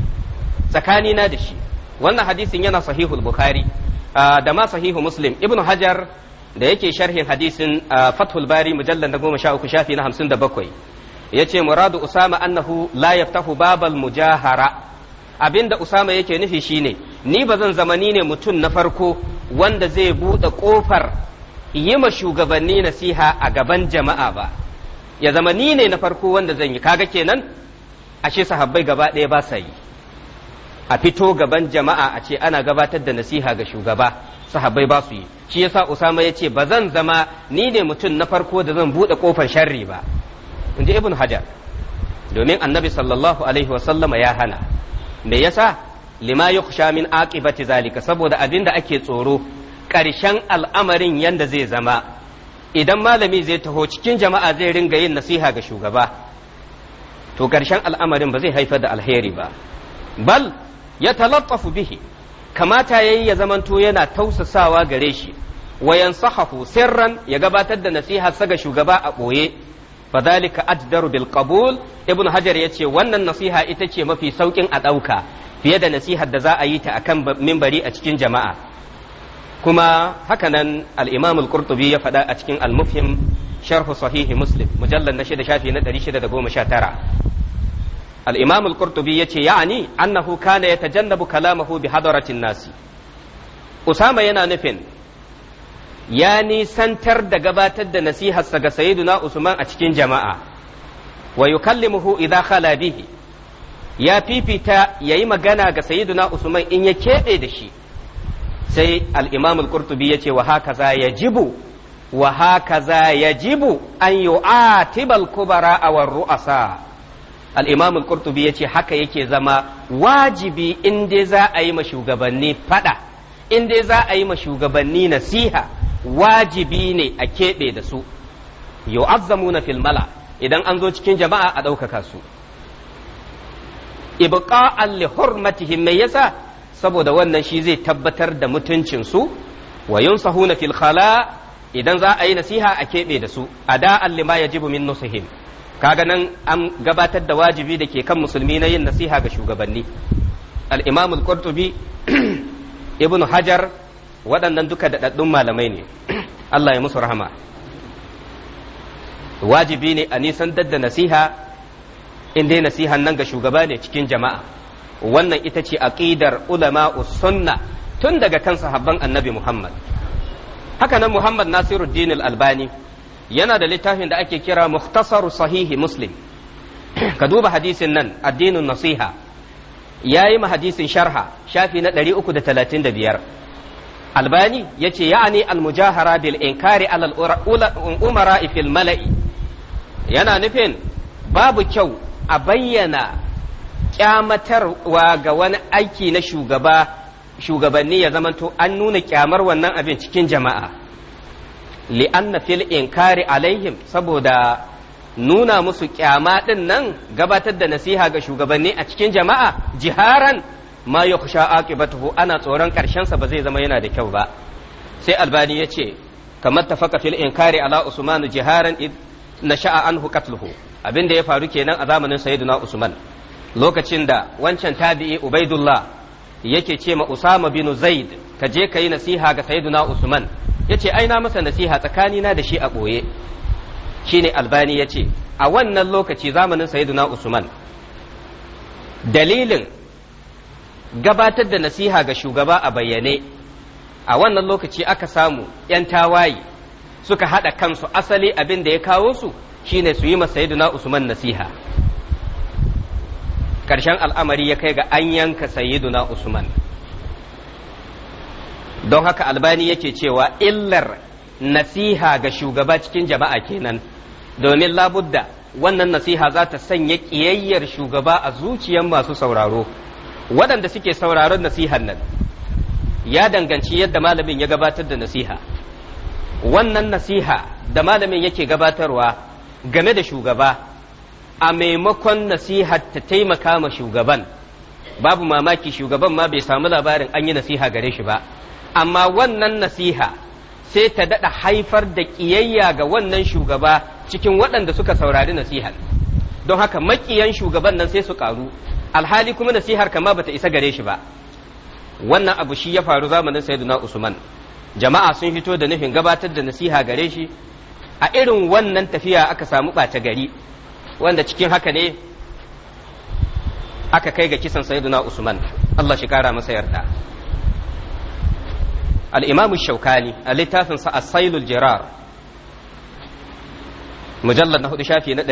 tsakani na da shi wannan hadisin yana sahihul bukhari da ma sahihu muslim ibn hajar da yake sharhin hadisin fathul bari mujallal na goma sha uku shafi na hamsin da bakwai yace muradu usama annahu la yaftahu babal mujahara abinda usama yake nufi shine ni ba zan zama ne mutum na farko wanda zai buɗe ƙofar yi ma shugabanni nasiha a gaban jama'a ba ya zama ne na farko wanda zan yi kaga kenan ce sahabbai gaba ɗaya ba sa a fito gaban jama'a a ce ana gabatar da nasiha ga shugaba sahabbai ba su yi shi yasa usama ya ce ba zan zama ni ne mutum na farko da zan buɗe ƙofar sharri ba in ji ibn hajar domin annabi sallallahu alaihi wasallama ya hana me yasa lima kusha min aqibati zalika saboda abin da ake tsoro ƙarshen al'amarin yanda zai zama idan malami zai taho cikin jama'a zai ringa yin nasiha ga shugaba to ƙarshen al'amarin ba zai haifar da alheri ba bal ya talattafu bihi kamata yayi ya zamanto yana tausasawa gare shi wayan sahahu sirran ya gabatar da nasiha ga shugaba a ɓoye fa zalika ajdaru bil qabul ibnu hajar yace wannan nasiha ita ce mafi saukin a dauka fiye da nasihar da za a yi ta akan mimbari a cikin jama'a kuma hakanan al-imam ya faɗa a cikin al-mufhim sharh sahih muslim mujallal na shida shafi na 619 الإمام القرطبي يتي يعني أنه كان يتجنب كلامه بحضرة الناس أسامة ينا نفن ya nisantar da gabatar da nasiharsa ga sayyiduna Usman a cikin jama'a wa yukallimuhu idan khala bihi ya fifita ya yi magana ga sayyiduna Usman in ya keɓe da shi sai al ya ce wa yace wa ya jibu? wa ya jibu? an a tibal kubara a warru asa. Al’imamul ƙurtubi ya ce haka yake zama wajibi in dai za a yi ma shugabanni fada in dai za a yi ma shugabanni nasiha wajibi ne a keɓe da su yu'azzamu na filmala idan an zo cikin jama'a a ɗaukaka su ibqa'an li hurmatihim me yasa saboda wannan shi zai tabbatar da mutuncin su wa na fil khala idan za a yi nasiha a keɓe da su ada'an ya yajibu min nusihim kaga nan an gabatar da wajibi da ke kan musulmi na yin nasiha ga shugabanni al-imam al-qurtubi ibn hajar waɗannan duka daɗaɗɗun malamai ne Allah ya musu rahama wajibi ne a nisan dadda nasiha in dai nasihan nan ga shugaba ne cikin jama'a wannan ita ce aqidar ulama sunna tun daga kan sahabban annabi Muhammad haka nan Muhammad Nasiruddin albani yana da littafin da ake kira Mukhtasar Sahihi Muslim ka duba hadisin nan addinin nasiha yayi ma hadisin sharha shafi na 335 albani ya ce ya'ani almujahara bil inkari alal umara fil mala'i yana nufin babu kyau a bayyana kyamatarwa ga wani aiki na shugaba shugabanni ya zamanto an nuna kyamar wannan abin cikin jama'a li'anna fil inkari alaihim saboda nuna musu kyama din nan gabatar da nasiha ga shugabanni a cikin jama'a jiharan ma yakhsha aqibatuhu ana tsoron karshen sa ba zai zama yana da kyau ba sai albani yace kamar tafaka fil inkari ala usman jiharan id nasha'a anhu qatluhu abin da ya faru kenan a zamanin sayyiduna usman lokacin da wancan tabi'i ubaidullah yake ce ma usama bin zaid ka je ka nasiha ga sayyiduna usman yace ai na masa nasiha tsakani na da shi a boye shine albani yace a wannan lokaci zamanin sayyiduna usman dalilin gabatar da nasiha ga shugaba a bayyane a wannan lokaci aka samu 'yan tawaye suka haɗa kansu asali abin da ya kawo su shine su yi masayiduna usman nasiha ƙarshen al'amari ya kai ga an yanka sayiduna usman don haka albani yake cewa illar nasiha ga shugaba cikin jama'a kenan domin labudda wannan nasiha za ta sanya ƙiyayyar shugaba a zuciyar masu sauraro waɗanda suke sauraron nasihan nan ya danganci yadda malamin ya gabatar da nasiha wannan nasiha da malamin yake gabatarwa game da shugaba a maimakon nasihar ta taimaka ma shugaban babu mamaki shugaban ma bai samu labarin an yi nasiha gare shi ba amma wannan nasiha sai ta daɗa haifar da ƙiyayya ga wannan shugaba cikin waɗanda suka saurari nasihan don haka makiyan shugaban nan sai su ƙaru alhali kuma nasihar kama bata isa gare shi ba wannan abu shi ya faru zamanin sayyiduna usman jama'a sun fito da nufin gabatar da nasiha gare shi a irin wannan tafiya aka samu ɓata gari wanda cikin haka ne aka kai ga kisan sayyiduna usman Allah shi kara masa yarda al-imamu shaukani a littafin sa sailul jirar mujallad na hudu shafi na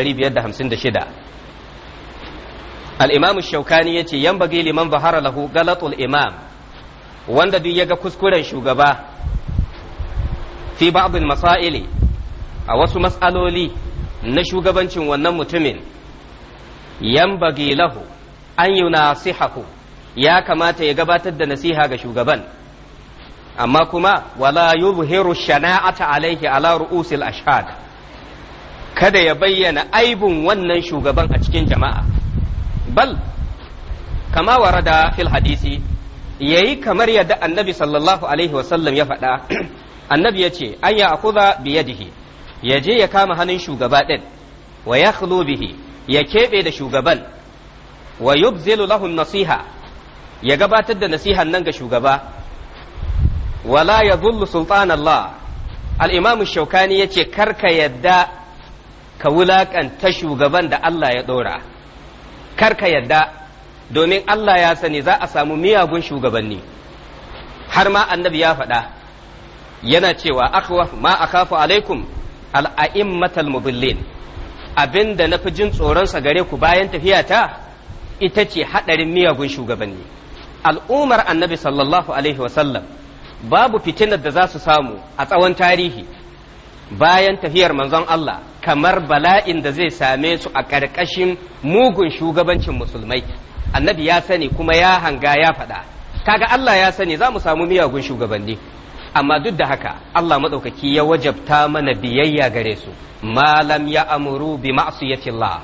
al-imam shaukani ce yan bagi liman bahara lahu galatul imam wanda duk ya ga kuskuren shugaba fi ba'd al-masaili a wasu matsaloli na shugabancin wannan mutumin yan bagi lahu an yunasihahu ya kamata ya gabatar da nasiha ga shugaban amma kuma wala yuzhiru shana'ata alaihi ala ru'usil ashhad kada ya bayyana aibun wannan shugaban a cikin jama'a bal kama warada fil hadisi yayi kamar yadda annabi sallallahu alaihi wasallam ya faɗa annabi ya ce an ya akuza biyadihi ya je ya kama hannun shugaba ɗin wa ya bihi ya keɓe da shugaban wa yubzilu lahu nasiha ya gabatar da nasihan nan ga shugaba wala ya zullu sultanallah al-imam shaukani ya ce kar karka yadda ka wulaƙanta shugaban da Allah ya ɗora karka yadda domin Allah ya sani za a samu miyagun shugabanni har ma annabi ya faɗa yana cewa akhwaf ma a kafa alaikum al'a'immatal mubillin abin da na fi jin tsoronsa gare ku bayan tafiyata ita ce haɗarin miyagun shugabanni al'ummar annabi sallallahu alaihi wasallam babu fitinar da za su samu a tsawon tarihi bayan tafiyar manzon Allah kamar bala'in da zai same su a ƙarƙashin mugun shugabancin musulmai annabi ya sani kuma ya hanga ya faɗa kaga Allah ya sani za mu samu miyagun shugabanni amma duk da haka Allah maɗaukaki ya wajabta mana biyayya gare su malam ya amuru bi ma'siyatillah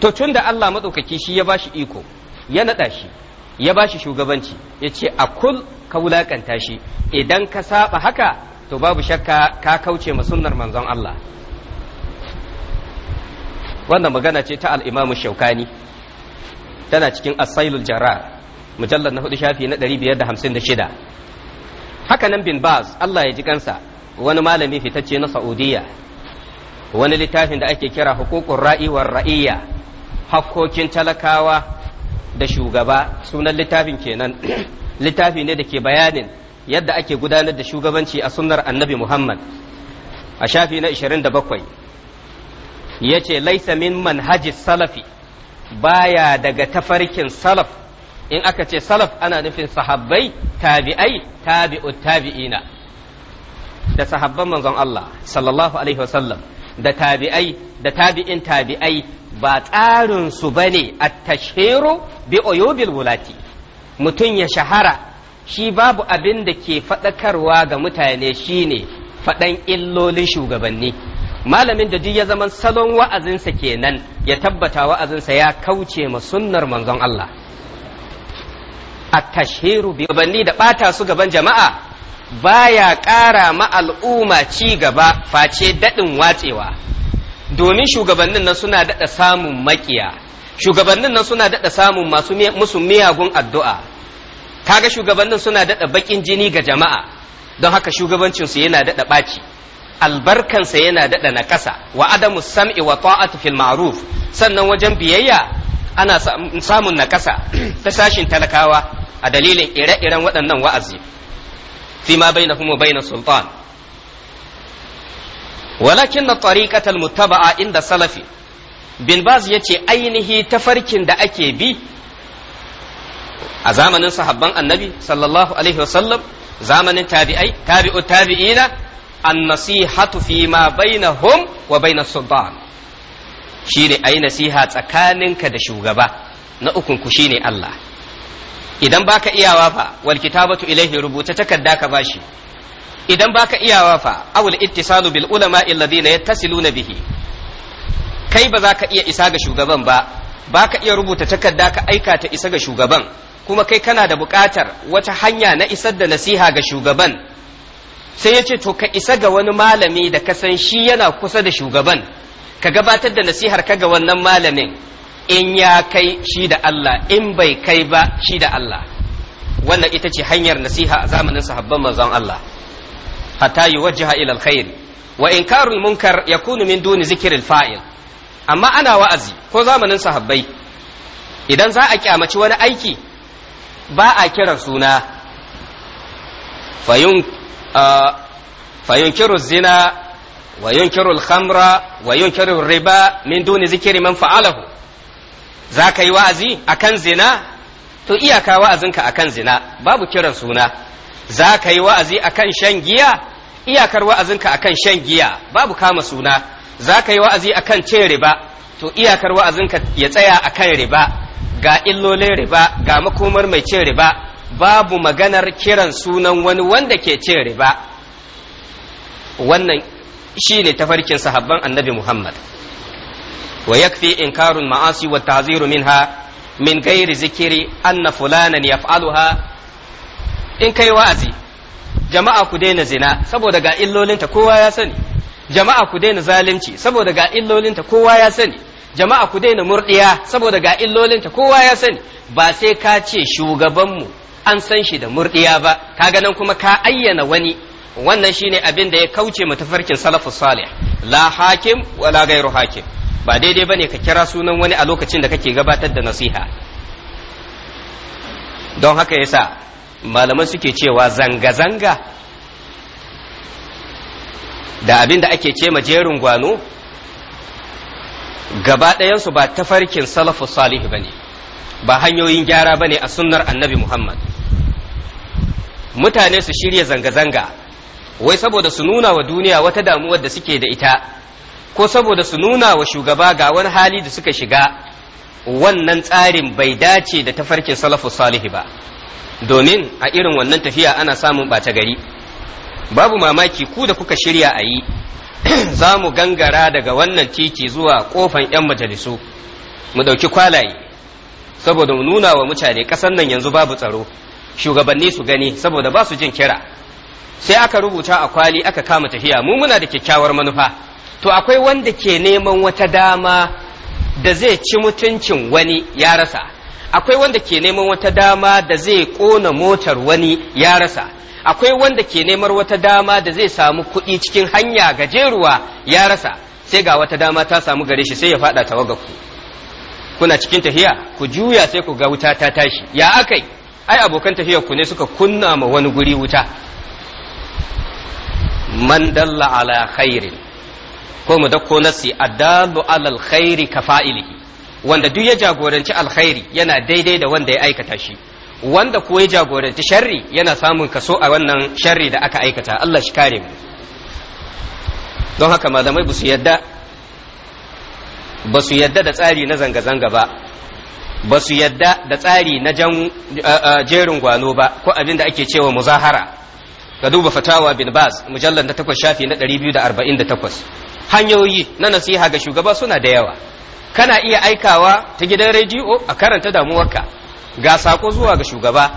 to tun da Allah maɗaukaki shi ya bashi iko ya naɗa shi ya bashi shugabanci ya ce a kul ka wulaƙanta shi idan ka saba haka to babu shakka ka kauce ma sunnar manzon Allah wannan magana ce ta al'imamu shaukani tana cikin asailul jara mujallar na hudu shafi na 556 haka nan bin baz Allah ya ji kansa wani malami fitacce na saudiya wani littafin da ake kira hukukun ra'i wa ra'iyya hakkokin talakawa da shugaba sunan littafin kenan littafi ne da ke bayanin yadda ake gudanar da shugabanci a sunnar annabi muhammad a shafi na 27 yace laisa min manhaji salafi baya daga tafarkin salaf in aka ce salaf ana nufin sahabbai tabi'ai tabi'ut tabi'ina da sahabban manzon Allah sallallahu alaihi wasallam da tabi'ai da tabi'in tabi'ai ba tsarin su bane at-tashhiru bi uyubil wulati mutum ya shahara shi babu abin da ke faɗakarwa ga mutane shine faɗan illolin shugabanni malamin da duk ya zaman salon wa'azinsa kenan ya tabbata wa'azinsa ya kauce ma sunnar manzon Allah a tashiru bi gabanni da bata su gaban jama'a baya ƙara ma al'umma ci gaba face daɗin watsewa domin shugabannin nan suna daɗa samun makiya shugabannin nan suna daɗa samun masu musu miyagun addu'a kaga shugabannin suna daɗa baƙin jini ga jama'a don haka shugabancinsu yana daɗa ɓaci albarkansa yana daɗa na ƙasa wa adamu sam'i wa ta'atu fil ma'ruf sannan wajen biyayya ana samun na ƙasa ta sashin talakawa a dalilin ire-iren waɗannan wa'azi fi ma bai na kuma bai na sultan walakin na tariƙatar mutaba'a inda salafi bin baz ya ce ainihi tafarkin da ake bi a zamanin sahabban annabi sallallahu alaihi wasallam zamanin tabi'ai tabi'u tabi'ina an-nasihatu fi ma bainahum wa bainas sultan shine ayi nasiha tsakaninka da shugaba na ukun ku shine Allah idan baka iyawa fa wal kitabatu ilaihi rubuta takarda ka bashi idan baka iyawa fa awul ittisalu bil ulama alladhina yattasiluna bihi kai ba za ka iya isa ga shugaban ba baka iya rubuta takarda ka aika ta isa ga shugaban kuma kai kana da buƙatar wata hanya na isar da nasiha ga shugaban sai ya ce to ka isa ga wani malami da ka san shi yana kusa da shugaban ka gabatar da nasihar ka ga wannan malamin in ya kai shi da Allah in bai kai ba shi da Allah wannan ita ce hanyar nasiha a zamanin sahabban manzon Allah hatta yuwajjaha ila alkhair wa inkarul munkar yakunu min duni zikril fa'il amma ana wa'azi ko zamanin sahabbai idan za a kyamaci wani aiki ba a kiran suna fayun fa yunkiru zina wa yunkiru al wa yunkiru riba min duni zikiri man fa'alahu za ka yi wa'azi akan zina to iyaka wa'azinka akan zina babu kiran suna za ka yi wa'azi akan shan giya iyakar wa'azinka akan shan giya babu kama suna za ka yi wa'azi akan cin riba to iyakar wa'azinka ya tsaya akan riba ga illolin riba ga makomar mai cin riba babu maganar kiran sunan wani wanda ke cin riba wannan shi ne tafarkin sahabban annabi Muhammad wa yakfi inkarun ma'asi wa ta'ziru minha min gairi zikiri anna fulanan yaf'aluha in kai wa'azi jama'a ku daina zina saboda ga illolinta kowa ya sani jama'a ku daina zalunci saboda ga illolinta kowa ya sani jama'a ku daina murdiya saboda ga illolinta kowa ya sani ba sai ka ce shugabanmu an san shi da murdiya ba ka ganin kuma ka ayyana wani wannan shine abin da ya kauce mu tafarkin salafu salih la hakim wala gairu hakim ba daidai bane ka kira sunan wani a lokacin da kake gabatar da nasiha don haka yasa malaman suke cewa zanga-zanga da abin da ake ce jerin gwano gaba ɗayansu ba tafarkin salafu salih bane ba hanyoyin gyara bane a sunnar annabi Muhammad mutane su shirya zanga-zanga wai saboda su nuna wa duniya wata damuwar da suke da ita ko saboda su nuna wa shugaba ga wani hali da suka shiga wannan tsarin bai dace da tafarkin salafu salihi ba domin a irin wannan tafiya ana samun ɓata gari babu mamaki ku da kuka shirya a yi za mu gangara daga wannan titi zuwa ƙofan 'yan majalisu mu ɗauki kwalaye saboda mu nuna wa mutane ƙasar nan yanzu babu tsaro shugabanni su gani saboda ba su jin kira sai aka rubuta a kwali aka kama tafiya mu muna da kyakkyawar manufa to akwai wanda ke neman wata dama da zai ci mutuncin wani ya rasa akwai wanda ke neman wata dama da zai ƙona motar wani ya rasa akwai wanda ke neman wata dama da zai samu kuɗi cikin hanya gajeruwa ya rasa sai ga wata dama ta samu gare shi sai ya faɗa tawagaku. ku kuna cikin tahiya ku juya sai ku ga wuta ta tashi ya akai ai abokan tafiyar ku ne suka kunna ma wani guri wuta man dalla ala khairin ko mu dakko nasi adallu ala alkhairi fa'ilihi wanda duk ya jagoranci alkhairi yana daidai da wanda ya aikata shi wanda ko ya jagoranci sharri yana samun kaso a wannan sharri da aka aikata Allah shi kare mu don haka malamai ba su yadda ba su yadda da tsari na zanga-zanga ba ba su yadda da tsari na eh, eh, jerin gwano ba ko abin da ake cewa muzahara ka duba fatawa bin Bas mujallar na takwas shafi na 248 hanyoyi na nasiha ga shugaba suna da yawa kana iya aikawa ta gidan rediyo a karanta damuwarka ga sako zuwa ga shugaba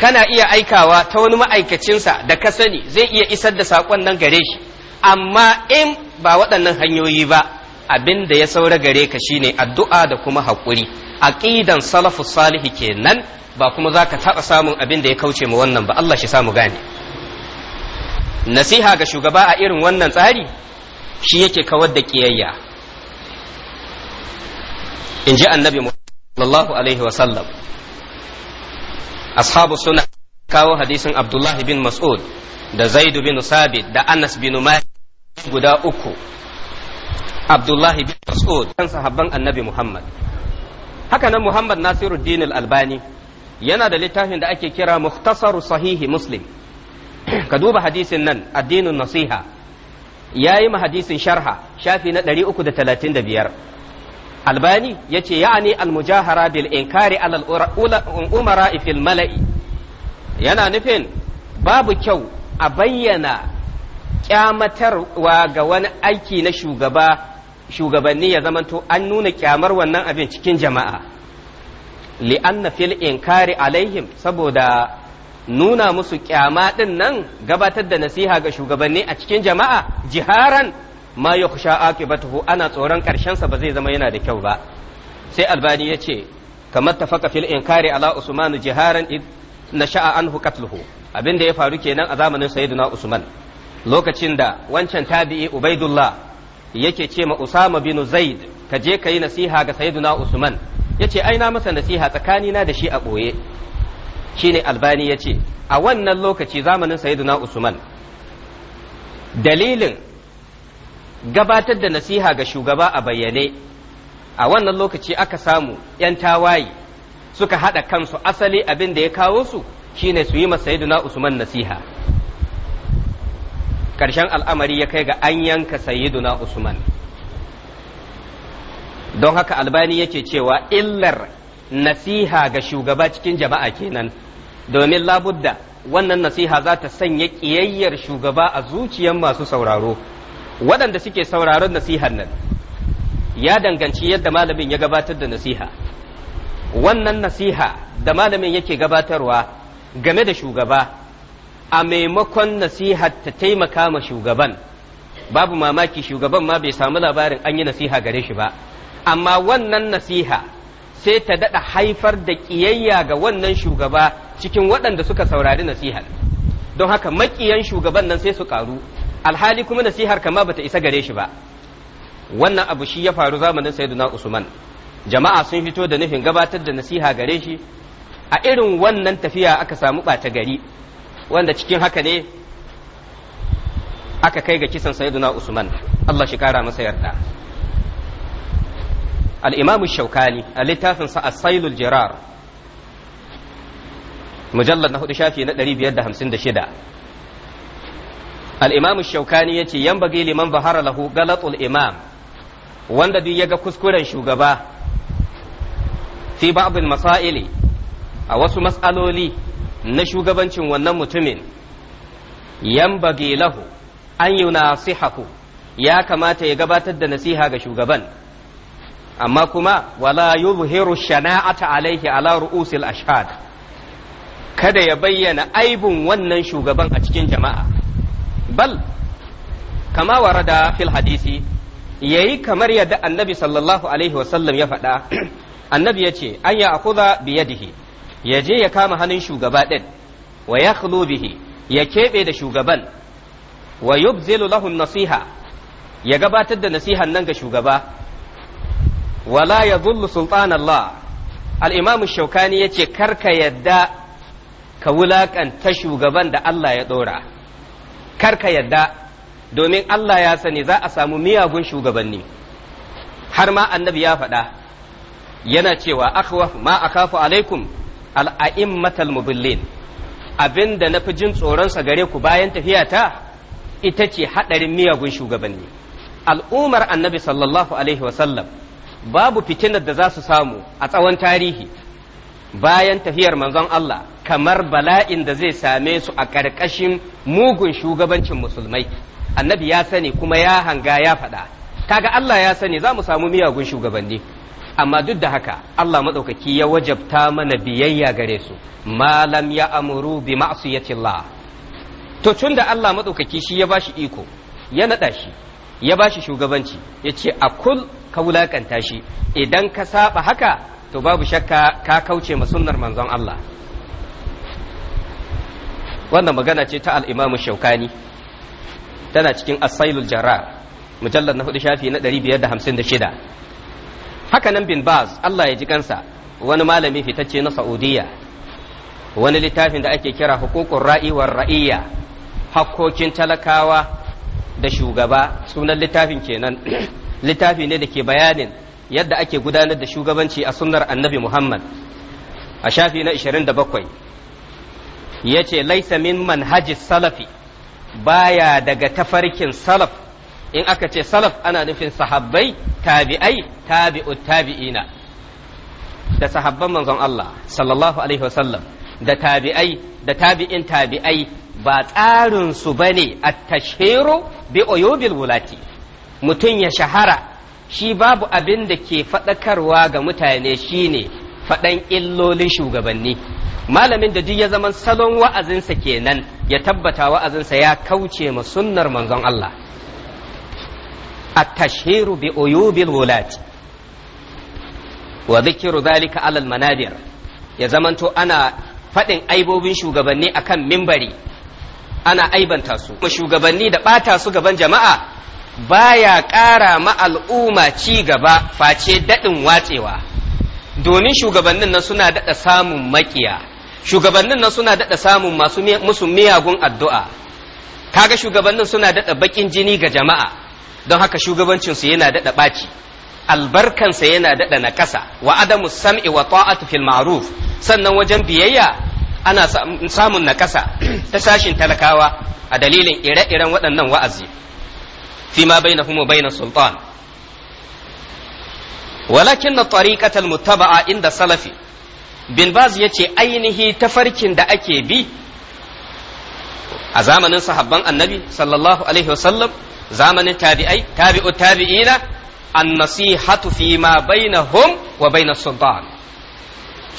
kana iya aikawa ta wani ma'aikacinsa da ka sani zai iya isar da sakon nan gare shi amma in ba waɗannan hanyoyi ba abin da ya saura gare ka shine addu'a da kuma haƙuri aqidan salafu salihi kenan ba kuma za ka taɓa samun abin da ya kauce ma wannan ba Allah shi samu gane nasiha ga shugaba a irin wannan tsari shi yake kawar da ƙiyayya in ji annabi sallallahu alaihi wa sallam ashabu suna kawo hadisin abdullahi bin mas'ud da zaidu bin sabit da anas bin malik guda uku Abdullahi bin Mas'ud kan sahabban Annabi Muhammad haka nan Muhammad Nasiruddin Al-Albani yana da littafin da ake kira Mukhtasaru Sahihi Muslim ka duba hadisin nan addinin nasiha ya yi ma hadisin sharha shafi na 335 Albani ya ce ya'ani al-mujahara bil inkari alal umara fil mala'i yana nufin babu kyau a bayyana kyamatarwa ga wani aiki na shugaba shugabanni ya zamanto an nuna kyamar wannan abin cikin jama'a li'anna fil inkari alaihim saboda nuna musu kyama din nan gabatar da nasiha ga shugabanni a cikin jama'a jiharan ma yakhsha aqibatuhu ana tsoron karshen sa ba zai zama yana da kyau ba sai albani ya yace kamar tafaka fil inkari ala usman jiharan nasha'a anhu qatluhu abin da ya faru kenan a zamanin sayyidina usman lokacin da wancan tabi'i ubaidullah yake ce ma Usama bin Zaid ka je ka yi nasiha ga Sayyiduna Usman yace aina masa nasiha tsakanina da shi a boye shine Albani yace a wannan lokaci zamanin Sayyiduna Usman dalilin gabatar da nasiha ga shugaba a bayyane a wannan lokaci aka samu 'yan tawaye suka haɗa kansu asali abin da ya kawo su shine su yi ma Sayyiduna Usman nasiha ƙarshen al'amari ya kai ga an yanka sayyiduna usman don haka albani yake cewa illar nasiha ga shugaba cikin jama'a kenan domin labudda wannan nasiha za ta sanya ƙiyayyar shugaba a zuciyar masu sauraro waɗanda suke sauraron nasihar nan ya danganci yadda malamin ya gabatar da nasiha wannan nasiha da malamin yake gabatarwa game da shugaba a maimakon nasihar ta taimaka ma shugaban babu mamaki shugaban ma bai samu labarin an yi nasiha gare shi ba amma wannan nasiha sai ta daɗa haifar da ƙiyayya ga wannan shugaba cikin waɗanda suka saurari nasihar don haka maƙiyan shugaban nan sai su ƙaru alhali kuma nasihar kama bata isa gare shi ba wannan abu shi ya faru zamanin sayyiduna usman jama'a sun fito da nufin gabatar da nasiha gare shi a irin wannan tafiya aka samu ɓata gari wanda cikin haka ne aka kai ga kisan sayyiduna usman Allah shi kara masa yarda al-imamu shaukani a littafin sa as-sailul jirar mujallad na hudu shafi na 556 al-imamu shaukani yace yan bagi liman bahara lahu galatul imam wanda duk yaga kuskuren shugaba fi ba'd al-masaili a wasu mas'aloli na shugabancin wannan mutumin yambage lahu an yi ya kamata ya gabatar da nasiha ga shugaban amma kuma wala yuzhiru shana'ata alaihi ala ru'usil ashhad kada ya bayyana aibun wannan shugaban a cikin jama'a bal kama warada fil hadisi yayi kamar yadda annabi sallallahu alaihi wasallam ya faɗa annabi ya ce an ya akuza biyadihi ya je ya kama hannun shugaba ɗin wa ya bihi ya keɓe da shugaban wa yubzilu nasiha ya gabatar da nasihan nan ga shugaba wala ya zullu sultan Allah al-imamu shaukani ce karka yadda ka wulaƙanta shugaban da Allah ya ɗora karka yadda domin Allah ya sani za a samu miyagun shugabanni har ma annabi ya faɗa yana cewa akhwa ma akafu alaikum al'a'immatal mubillin abin da na fi jin tsoronsa gare ku bayan tafiyata ita ce haɗarin miyagun shugabanni al'ummar annabi sallallahu alaihi wasallam babu fitinar da za su samu a tsawon tarihi bayan tafiyar manzon Allah kamar bala'in da zai same su a ƙarƙashin mugun shugabancin musulmai annabi ya sani kuma ya hanga ya faɗa kaga Allah ya sani za mu samu miyagun shugabanni amma duk da haka Allah maɗaukaki ya wajabta mana biyayya gare su malam ya amuru bi Allah to tun da Allah maɗaukaki shi ya bashi iko ya naɗa shi ya bashi shugabanci ya ce a kul ka wulakanta shi idan ka saba haka to babu shakka ka kauce ma sunnar manzon Allah wannan magana ce ta al-Imam Shaukani tana cikin as-sailul Jarar mujallar na hudu shafi na 556 haka nan bin baz Allah ya ji kansa wani malami fitacce na Saudiya wani littafin da ake kira hukukun ra'i war ra'iyya hakkokin talakawa da shugaba sunan littafin kenan littafi ne da ke bayanin yadda ake gudanar da shugabanci a sunnar annabi Muhammad a shafi na 27 yace laisa min manhajis salafi baya daga tafarkin salaf in aka ce salaf ana nufin sahabbai tabi'ai tabi'ut tabi'ina da sahabban manzon Allah sallallahu alaihi wasallam da tabi'ai da tabi'in tabi'ai ba tsarin su bane at-tashhiru bi uyubil wulati mutum ya shahara shi babu abin da ke faɗakarwa ga mutane shine faɗan illolin shugabanni malamin da duk ya zaman salon wa'azinsa kenan ya tabbata wa'azinsa ya kauce ma sunnar manzon Allah التشهير بأيوب الولاة وذكر ذلك على المنابر يا زمن تو أنا فإن أيبوبين شو غبني أكم منبري أنا أيبن تاسو شو غبني دا باتاسو غبن جماعة بايا كارا ما al'umma ci gaba face daɗin watsewa domin shugabannin nan suna daɗa samun makiya shugabannin nan suna daɗa samun masu musu miyagun addu'a kaga shugabannin suna daɗa baƙin jini ga jama'a don haka shugabancinsu yana daɗa ɓaci albarkansa yana daɗa na ƙasa wa adamu sam'i wa ta'atu fil ma'ruf sannan wajen biyayya ana samun na ƙasa ta sashin talakawa a dalilin ire-iren waɗannan wa'azi fi ma bainahum wa bainas sultan walakin na tariqatal muttaba'a inda salafi bin baz ce ainihi tafarkin da ake bi a zamanin sahabban annabi sallallahu alaihi wasallam zamanin tabi'ai tabi'u tabi'ina an-nasihatu fi ma hum wa baina sultan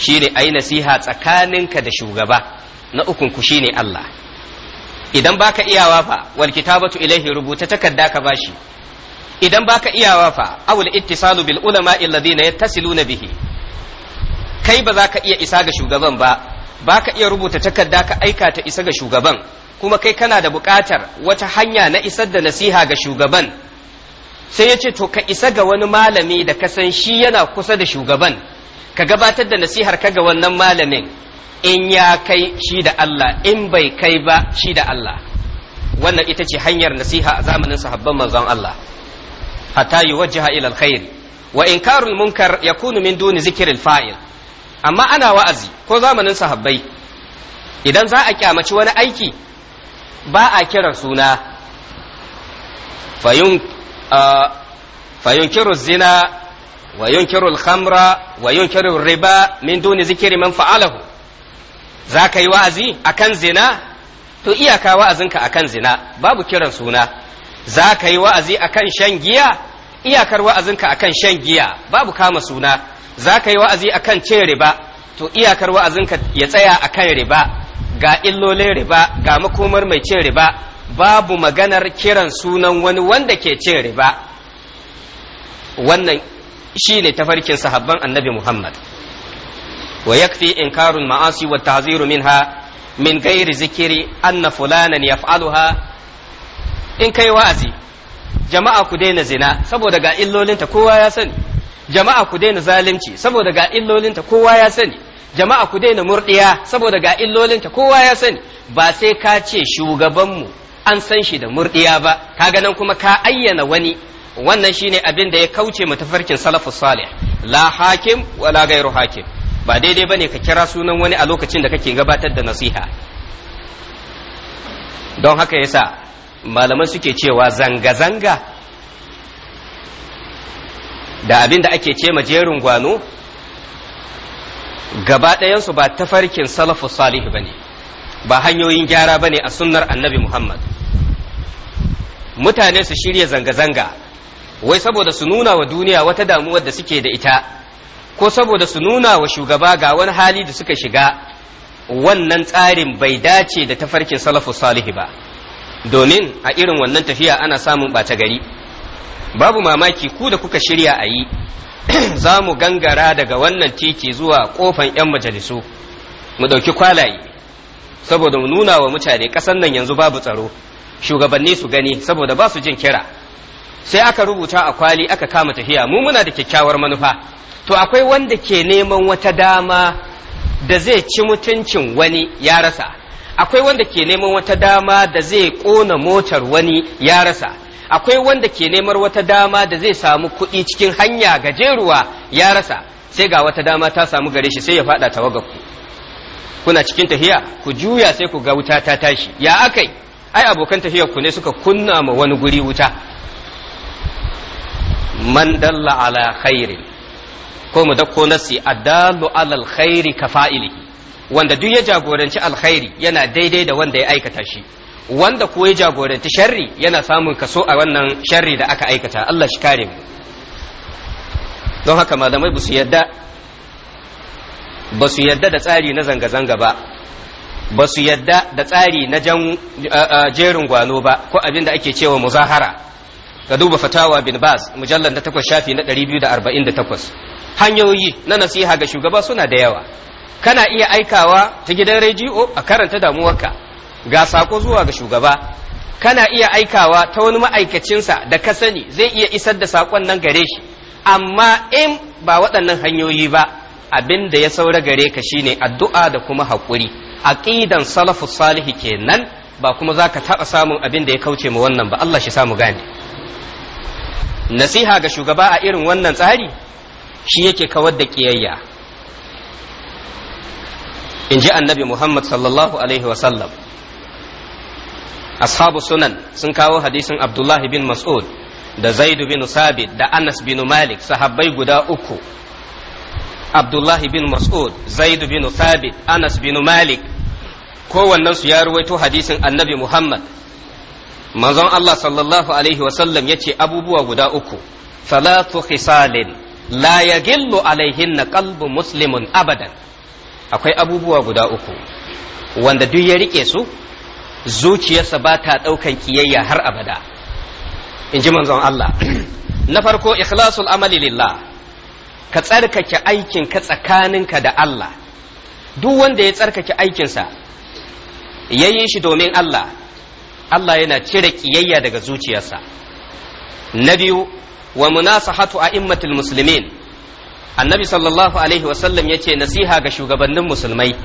ne ai nasiha tsakaninka da shugaba na ukun ku shine Allah idan baka iyawa fa wal kitabatu ilaihi rubuta takarda ka bashi idan baka iyawa fa awul ittisalu bil ulama alladhina yattasiluna bihi kai ba za ka iya isa ga shugaban ba baka iya rubuta takarda ka aika ta isa ga shugaban kuma kai kana da buƙatar wata hanya na isar da nasiha ga shugaban sai ya ce to ka isa ga wani malami da ka san shi yana kusa da shugaban ka gabatar da nasihar ka ga wannan malamin in ya kai shi da Allah in bai kai ba shi da Allah wannan ita ce hanyar nasiha a zamanin sahabban manzon Allah hatta yuwajjaha ila alkhair wa inkarul munkar yakunu min duni zikril fa'il amma ana wa'azi ko zamanin sahabbai idan za a kyamaci wani aiki ba a kiran suna fayunkiru zina wa yunkiru khamra wa yunkiru riba min duni zikiri man fa'alahu za ka yi wa'azi akan zina to iyaka wa'azinka akan zina babu kiran suna za ka yi wa'azi akan shan giya iyakar wa'azinka akan shan giya babu kama suna za ka yi wa'azi akan cin riba to iyakar wa'azinka ya tsaya akan riba ga illolin riba ga makomar mai cin riba babu maganar kiran sunan wani wanda ke cin riba wannan shi ne tafarkin sahabban annabi Muhammad wa yakfi inkarun ma'asi wa taziru minha min gairi zikiri anna fulanan yaf'aluha in kai wa'azi jama'a ku daina zina saboda ga illolinta kowa ya sani jama'a ku daina zalunci saboda ga illolinta kowa ya sani jama'a ku daina murdiya saboda ga illolinta kowa ya sani ba sai ka ce shugabanmu an san shi da murdiya ba ka nan kuma ka ayyana wani wannan shine abin da ya kauce mu tafarkin salafus salih la hakim wala gairu hakim ba daidai bane ka kira sunan wani a lokacin da kake gabatar da nasiha don haka yasa malaman suke cewa zanga-zanga da abin da ake ce ma jerin gwano gaba ɗayansu ba tafarkin salafu salih ba ne ba hanyoyin gyara ba ne a sunnar annabi muhammad mutane su shirya zanga-zanga wai saboda su nuna wa duniya wata damuwar da suke da ita ko saboda su nuna wa shugaba ga wani hali da suka shiga wannan tsarin bai dace da tafarkin salafu salihi ba domin a irin wannan tafiya ana samun ɓata gari babu mamaki ku da kuka shirya a yi za mu gangara daga wannan titi zuwa kofan 'yan majalisu mu ɗauki kwalaye saboda mu nuna wa mutane ƙasar nan yanzu babu tsaro shugabanni su gani saboda ba su jin kira sai aka rubuta a kwali aka kama tafiya mu muna da kyakkyawar manufa to akwai wanda ke neman wata dama da zai ci mutuncin wani ya rasa akwai wanda ke neman wata dama da zai ƙona motar wani ya rasa akwai wanda ke neman wata dama da zai samu kuɗi cikin hanya gajeruwa ya rasa sai ga wata dama ta samu gare shi sai ya faɗa ku. kuna cikin tahiya ku juya sai ku ga wuta ta tashi ya akai ai abokan tahiyar ku ne suka kunna ma wani guri wuta man dalla ala khairin ko mu dakko nasi adallu ala alkhairi ka fa'ili wanda duk ya jagoranci alkhairi yana daidai da wanda ya aikata shi wanda ko ya jagoranci sharri yana samun kaso a wannan sharri da aka aikata Allah shi kare mu don haka malamai ba su yadda ba su yadda da tsari na zanga-zanga ba ba su yadda da tsari na jan jerin gwano ba ko abin da ake cewa muzahara ga duba fatawa bin bas mujallar da takwas shafi na 248 hanyoyi na nasiha ga shugaba suna da yawa kana iya aikawa ta gidan rediyo a karanta damuwarka ga sako zuwa ga shugaba kana iya aikawa ta wani ma'aikacinsa da ka sani zai iya isar da sakon nan gare shi amma in ba waɗannan hanyoyi ba abin da ya saura gare ka shine addu'a da kuma haƙuri aqidan salafu salihi kenan ba kuma za ka taɓa samun abin da ya kauce ma wannan ba Allah shi samu gane nasiha ga shugaba a irin wannan tsari shi yake kawar da ƙiyayya in ji annabi muhammad sallallahu alaihi wasallam ashabu sunan sun kawo hadisin abdullahi bin mas'ud da zaidu bin sabit da anas bin malik sahabbai guda uku abdullahi bin mas'ud zaidu bin sabit anas bin malik kowannensu ya ruwaito hadisin annabi muhammad manzon allah sallallahu alaihi wasallam ya ce abubuwa guda uku salatu khisalin la alaihin na qalbu muslimun abadan akwai abubuwa guda uku wanda duk ya rike su zuciyarsa ba ta ɗaukan kiyayya har abada in ji manzon Allah na farko ikhlasul amali lillah ka tsarkake aikin ka tsakaninka da Allah duk wanda ya tsarkake aikinsa ya yi shi domin Allah Allah yana cire kiyayya daga zuciyarsa na biyu wa munasahatu a'immatul muslimin annabi sallallahu alaihi wasallam ya ce nasiha ga shugabannin musulmai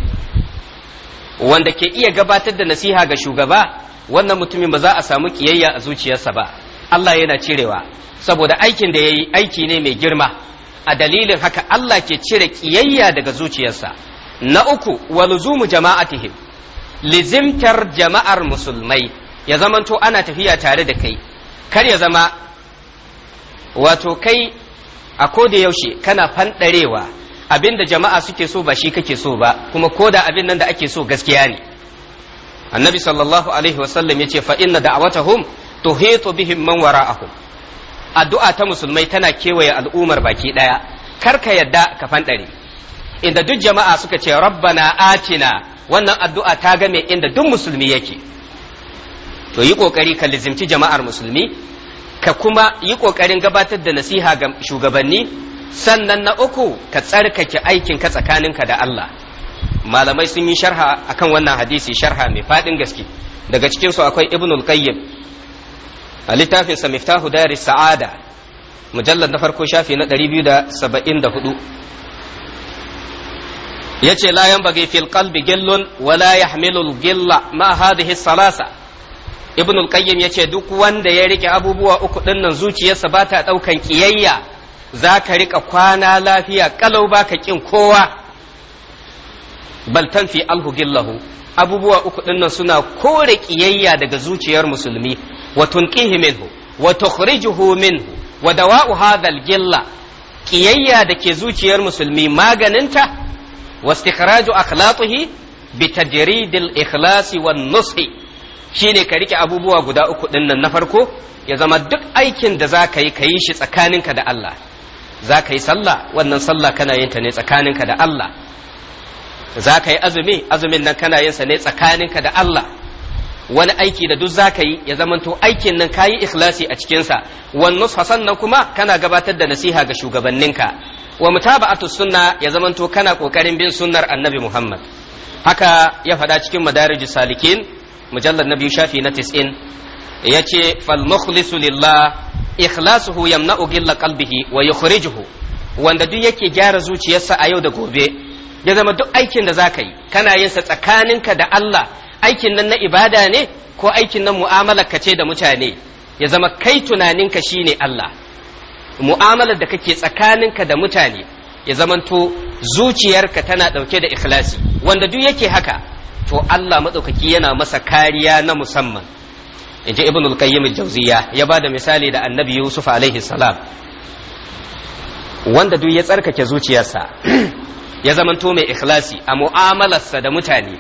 wanda ke iya gabatar da nasiha ga shugaba wannan mutumin ba za a samu kiyayya a zuciyarsa ba Allah yana cirewa saboda aikin da ya yi aiki ne mai girma a dalilin haka Allah ke cire kiyayya daga zuciyarsa na uku waluzumu luzumu jama'atihim lizimtar jama'ar musulmai ya zamanto ana tafiya tare da kai kar ya zama wato kai a koda yaushe kana fanɗarewa abin da jama'a suke so ba shi kake so ba kuma ko da abin nan da ake so gaskiya ne annabi sallallahu alaihi wasallam ya ce fa inna da'awatahum tuhitu bihim man wara'ahum addu'a ta musulmai tana kewaye al'ummar baki daya kar ka yadda ka fanɗare inda duk jama'a suka ce rabbana atina wannan addu'a ta game inda duk musulmi yake to yi kokari ka lizimci jama'ar musulmi ka kuma yi kokarin gabatar da nasiha ga shugabanni sannan na uku ka tsarkake aikinka tsakaninka da Allah malamai sun yi sharha akan wannan hadisi sharha mai faɗin gaske daga cikinsu akwai ibnul qayyim a littafinsa miftahu dari sa'ada mujallar na farko shafi na 274 ya ce layan bage fil qalbi gillun wala yahmilul gilla ma hadhihi salasa ibnul qayyim yace duk wanda ya rike abubuwa uku ɗinnan zuciyarsa ba ta daukan kiyayya za ka riƙa kwana lafiya ƙalau ba ka ƙin kowa baltan fi alhugillahu abubuwa uku ɗinnan suna kore ƙiyayya daga zuciyar musulmi wa tunqihi minhu wa tukhrijuhu minhu wa dawa'u hadha gilla ƙiyayya da ke zuciyar musulmi maganinta واستخراج أخلاطه بتجريد الإخلاص والنصح shine ka rike abubuwa guda uku ɗinnan na farko ya zama duk aikin da za ka yi ka yi shi tsakaninka da Allah za ka yi sallah wannan sallah kana yin ta ne tsakaninka da Allah za ka yi azumi azumin nan kana yin sa ne tsakaninka da Allah wani aiki da duk za ka yi ya zamanto aikin nan kayi ikhlasi a cikinsa wannan hasan nan kuma kana gabatar da nasiha ga shugabanninka wa mutaba'atu sunna ya zamanto kana kokarin bin sunnar annabi Muhammad haka ya faɗa cikin madarijus salikin mujallar na biyu shafi na 90 yace fal mukhlisu lillah ikhlasuhu yamna'u gilla qalbihi wa yukhrijuhu wanda duk yake gyara zuciyarsa a yau da gobe ya zama duk aikin da zaka yi kana yin sa tsakaninka da Allah aikin nan na ibada ne ko aikin nan mu'amalar kace da mutane ya zama kai tunaninka shine Allah mu'amalar da kake tsakaninka da mutane ya zamanto zuciyarka tana ɗauke da ikhlasi wanda duk yake haka to Allah maɗaukaki yana masa kariya na musamman inji ibn al-qayyim al-jawziya ya bada misali da annabi yusuf alaihi salam wanda duk ya tsarkake zuciyarsa ya zamanto mai ikhlasi a mu'amalarsa da mutane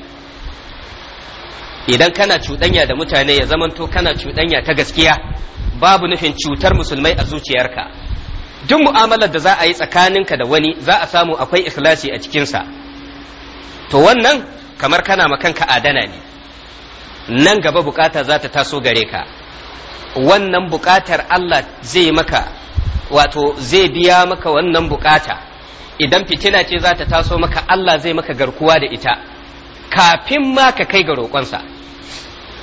idan kana cuɗanya da mutane ya zamanto kana cuɗanya ta gaskiya babu nufin cutar musulmai a zuciyarka duk mu'amalar da za a yi tsakaninka da wani za a samu akwai ikhlasi a cikinsa to wannan kamar kana ma kanka adana ne nan gaba bukata za ta taso gare ka wannan bukatar Allah zai maka wato zai biya maka wannan bukata idan fitina ce za ta taso maka Allah zai maka garkuwa da ita kafin ma ka kai ga roƙonsa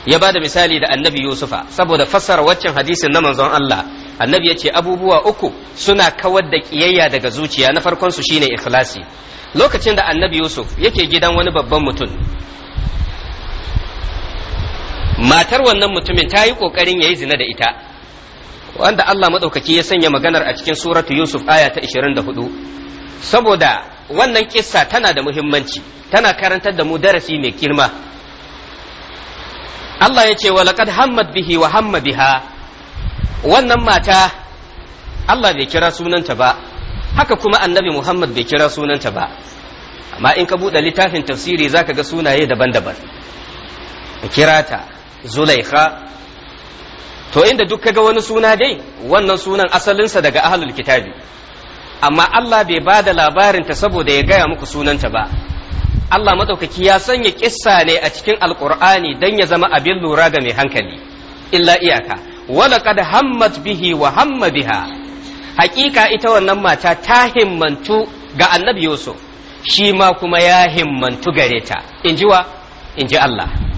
ya ba da misali da annabi Yusufa saboda fassara waccan hadisin na manzon Allah annabi ya ce abubuwa uku suna kawar da ƙiyayya daga zuciya na farkon su shine ikhlasi lokacin da annabi Yusuf yake gidan wani babban mutum matar wannan mutumin ta yi ƙoƙarin ya yi zina da ita wanda Allah maɗaukaki ya sanya maganar a cikin suratu Yusuf aya ta 24 saboda wannan kissa tana da muhimmanci tana karantar da mu darasi mai girma Allah ya ce wa laqad hammat bihi wa hamma biha wannan mata Allah bai kira sunanta ba haka kuma annabi Muhammad bai kira sunanta ba amma in ka buɗe littafin tafsiri zaka ga sunaye daban-daban kirata zulaikha to inda duk kaga wani suna dai wannan sunan asalinsa daga ahlul kitabi amma Allah bai ba da labarinta saboda ya gaya muku sunanta ba Allah maɗaukaki ya sanya kissa ne a cikin alkur'ani don ya zama abin lura ga mai hankali illa iyaka walaqad hammat bihi wa hamma biha ita wannan mata ta himmantu ga annabi yusuf shi ma kuma ya himmantu gare ta in ji wa in Allah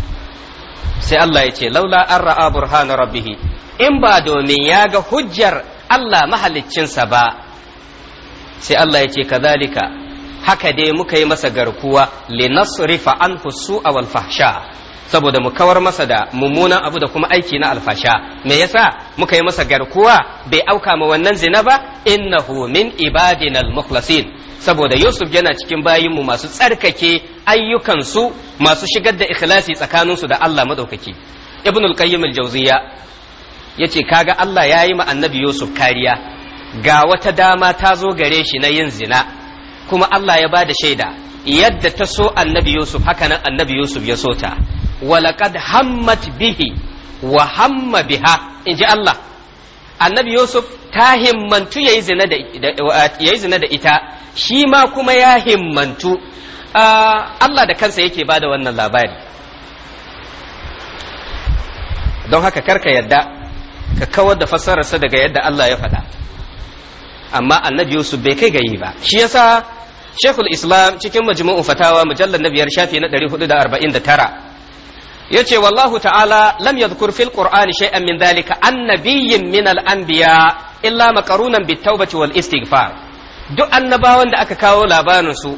sai Allah ya ce laula an ra'a burhana rabbih in ba domin ya ga hujjar Allah mahaliccinsa ba sai Allah ya ce kazalika haka dai muka yi masa garkuwa nasrifa anhu su'a wal fahsha saboda mu kawar masa da mummunan abu da kuma aiki na alfasha me yasa muka yi masa garkuwa bai auka ma wannan zina ba innahu min ibadinal mukhlasin saboda Yusuf yana cikin bayinmu masu tsarkake ayyukansu masu shigar da ikhlasi tsakaninsu da Allah madaukaki Ibn al-Qayyim al-Jawziyya yace kaga Allah ya yi ma annabi Yusuf kariya ga wata dama ta zo gare shi na yin zina kuma Allah ya bada shaida yadda ta so annabi Yusuf haka nan annabi Yusuf ya so ta laqad hammat bihi wa hamma biha inji Allah annabi yusuf ta himmantu ya yi zina da ita shi ma kuma ya himmantu ah, Allah da kansa yake ba da wannan labari don haka karka yadda ka kawar da fassararsa daga yadda Allah ya faɗa amma annabi yusuf bai kai gayi ba shi yasa shekul islam cikin majmu'un fatawa mujallar na biyar shafi na 449 yace wallahu ta'ala lam yadhkur fil qur'ani shay'an min dhalika annabiyyin min al anbiya illa maqarunan bit tawbati wal istighfar duk annabawan da aka kawo labarin su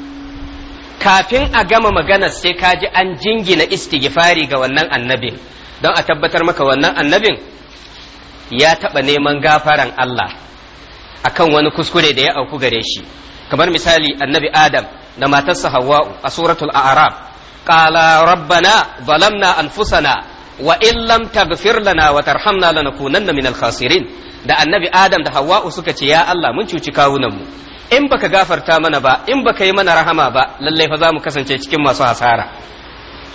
kafin a gama maganar sai ka ji an jingina istighfari ga wannan annabin don a tabbatar maka wannan annabin ya taɓa neman gafaran Allah akan wani kuskure da ya auku gare shi kamar misali annabi Adam da matarsa Hawwa'u a suratul A'raf qala rabbana zalamna anfusana wa in lam taghfir lana wa tarhamna lanakunanna minal khasirin da annabi adam da hawwa'u suka ce ya Allah mun cuci kawunan mu in baka gafarta mana ba in baka yi mana rahama ba lallai fa za mu kasance cikin masu hasara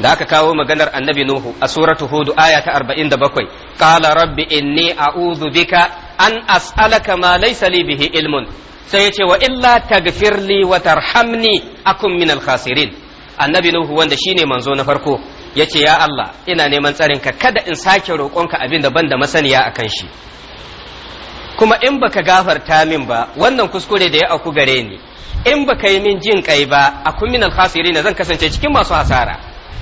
da aka kawo maganar annabi nuhu a suratu hudu aya ta 47 qala rabbi inni a'udhu bika an as'alaka ma laysa li bihi ilmun sai ya ce wa illa taghfir li wa tarhamni akum minal khasirin annabi nuhu wanda shine manzo na farko yace ya Allah ina neman tsarin ka kada in sake roƙonka abin da ban da masaniya akan shi kuma in baka gafarta min ba wannan kuskure da ya auku gare ni in baka yi min jin kai ba a min alkhasirin zan kasance cikin masu hasara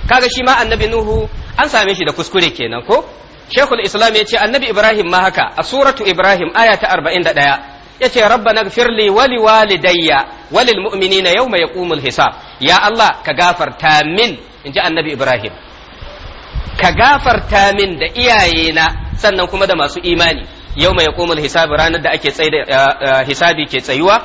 kaga shi ma annabi nuhu an same shi da kuskure kenan ko shekul islam ya ce annabi ibrahim ma haka a suratu ibrahim aya ta 41 yace rabbana gfirli wali liwalidayya walil mu'minina yawma yaqumul hisab ya Allah ka gafarta min in ji annabi Ibrahim ka gafarta min da iyayena sannan kuma da masu imani yau mai komul hisabi ranar da ake tsaye da eh, eh, hisabi ke tsayuwa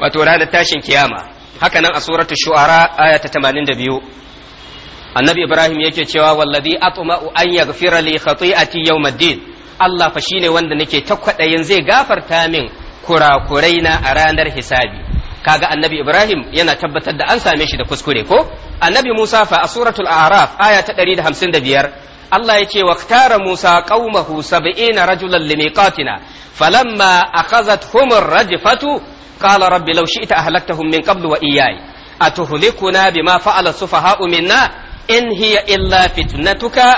wato ranar tashin kiyama haka nan a suratul shu'ara aya ta 82 annabi Ibrahim yake cewa wallazi atma'u an yaghfira li khati'ati yawmiddin Allah fa shine wanda nake ta kwadayin zai gafarta min kurakurai na a ranar hisabi kaga annabi Ibrahim yana tabbatar da an same shi da kuskure ko annabi Musa fa a suratul A'raf aya ta 155 Allah ya ce waqtara Musa qaumahu sab'ina rajulan limiqatina falamma akhadhatuhum ar-rajfatu qala rabbi law shi'ta ahlaktahum min qablu wa iyyai atuhlikuna bima fa'ala sufaha'u minna in hiya illa fitnatuka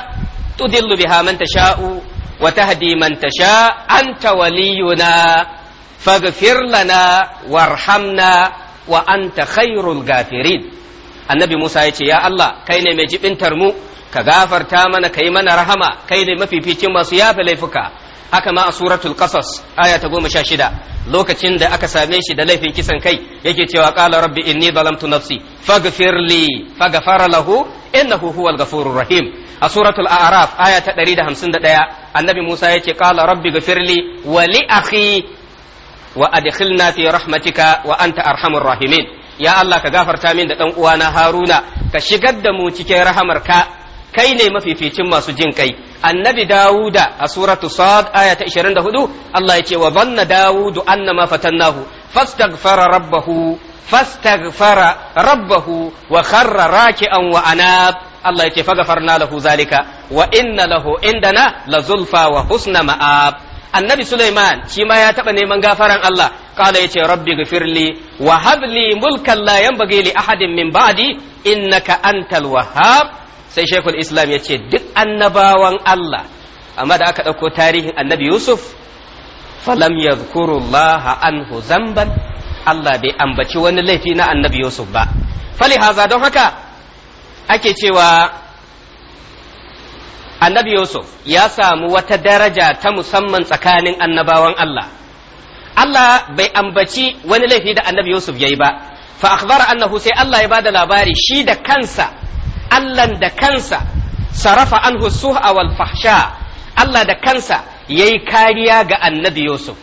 tudillu biha man tasha'u wa tahdi man tasha anta waliyuna faghfir lana warhamna wa anta khairul gafirin annabi Musa ya ce ya Allah kai ne mai jibintar mu ka gafarta mana ka yi mana rahama kai ne mafificin masu yafe laifuka haka ma a suratul qasas aya ta goma sha shida lokacin da aka same shi da laifin kisan kai yake cewa kala rabbi inni zalamtu nafsi faghfir li faghfara lahu innahu huwal ghafurur rahim a suratul a'raf aya ta 151 annabi Musa yace ƙala rabbi ghfir li wa li akhi wa adkhilna fi rahmatika wa anta rahimin ya Allah ka gafarta min da dan uwana Haruna ka shigar da mu cikin rahamarka kai ne mafificin masu jin kai annabi Dawuda a suratu Sad aya ta 24 Allah ya ce wa banna Dawudu annama fatannahu fastaghfara rabbahu fastaghfara rabbahu wa kharra raki'an wa anab Allah ya ce fagafarna lahu zalika wa inna lahu indana la zulfa wa husna ma'ab annabi Sulaiman shi ma ya taɓa neman gafaran Allah kala yace rabbi gafirli wa habli mulkan la yanbaghi li ahadin min ba'di innaka antal wahhab sai shekul islam ya ce duk annabawan Allah amma da aka ɗauko tarihin annabi Yusuf falam yadhkurullaha anhu zamban Allah bai ambaci wani laifi na annabi Yusuf ba fali haza don haka ake cewa annabi yusuf ya samu wata daraja ta musamman tsakanin annabawan allah allah bai ambaci wani laifi da annabi yusuf ya yi ba fa akhbara annahu sai allah ya ba da labari shi da kansa allan da kansa sarrafa, anhu suha wal fahsha allah da kansa ya yi kariya ga annabi yusuf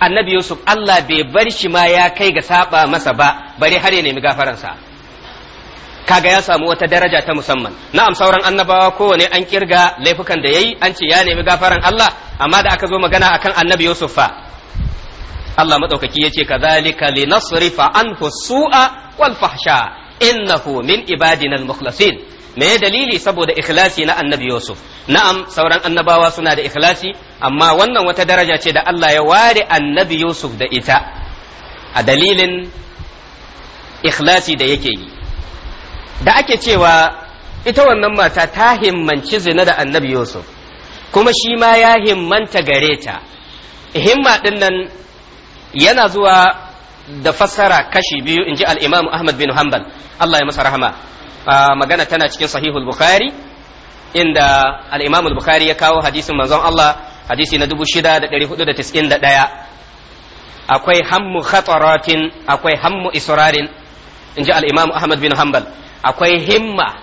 annabi yusuf allah bai bar shi ma ya kai ga saba masa ba bari har ya nemi gafaransa kaga ya samu wata daraja ta musamman na'am sauran annabawa kowane an kirga laifukan da yayi an ce ya nemi gafaran Allah amma da aka zo magana akan annabi Yusuf fa Allah madaukaki yace kadhalika linasrifa anhu su'a wal fahsha innahu min ibadina al mukhlasin me dalili saboda ikhlasi na annabi Yusuf na'am sauran annabawa suna da ikhlasi amma wannan wata daraja ce da Allah ya ware annabi Yusuf da ita a dalilin ikhlasi da yake yi da ake cewa ita wannan mata ta himmanci zina da annabi yusuf kuma shi ma ya himmanta gare ta himma din nan yana zuwa da fassara kashi biyu in ji al'imamu ahmad bin hanbal allah ya masa rahama magana tana cikin sahihul bukhari inda al'imamu bukhari ya kawo hadisin manzon allah hadisi na 6491 akwai hammu khataratin akwai hammu israrin in ji al'imamu ahmad bin hanbal akwai himma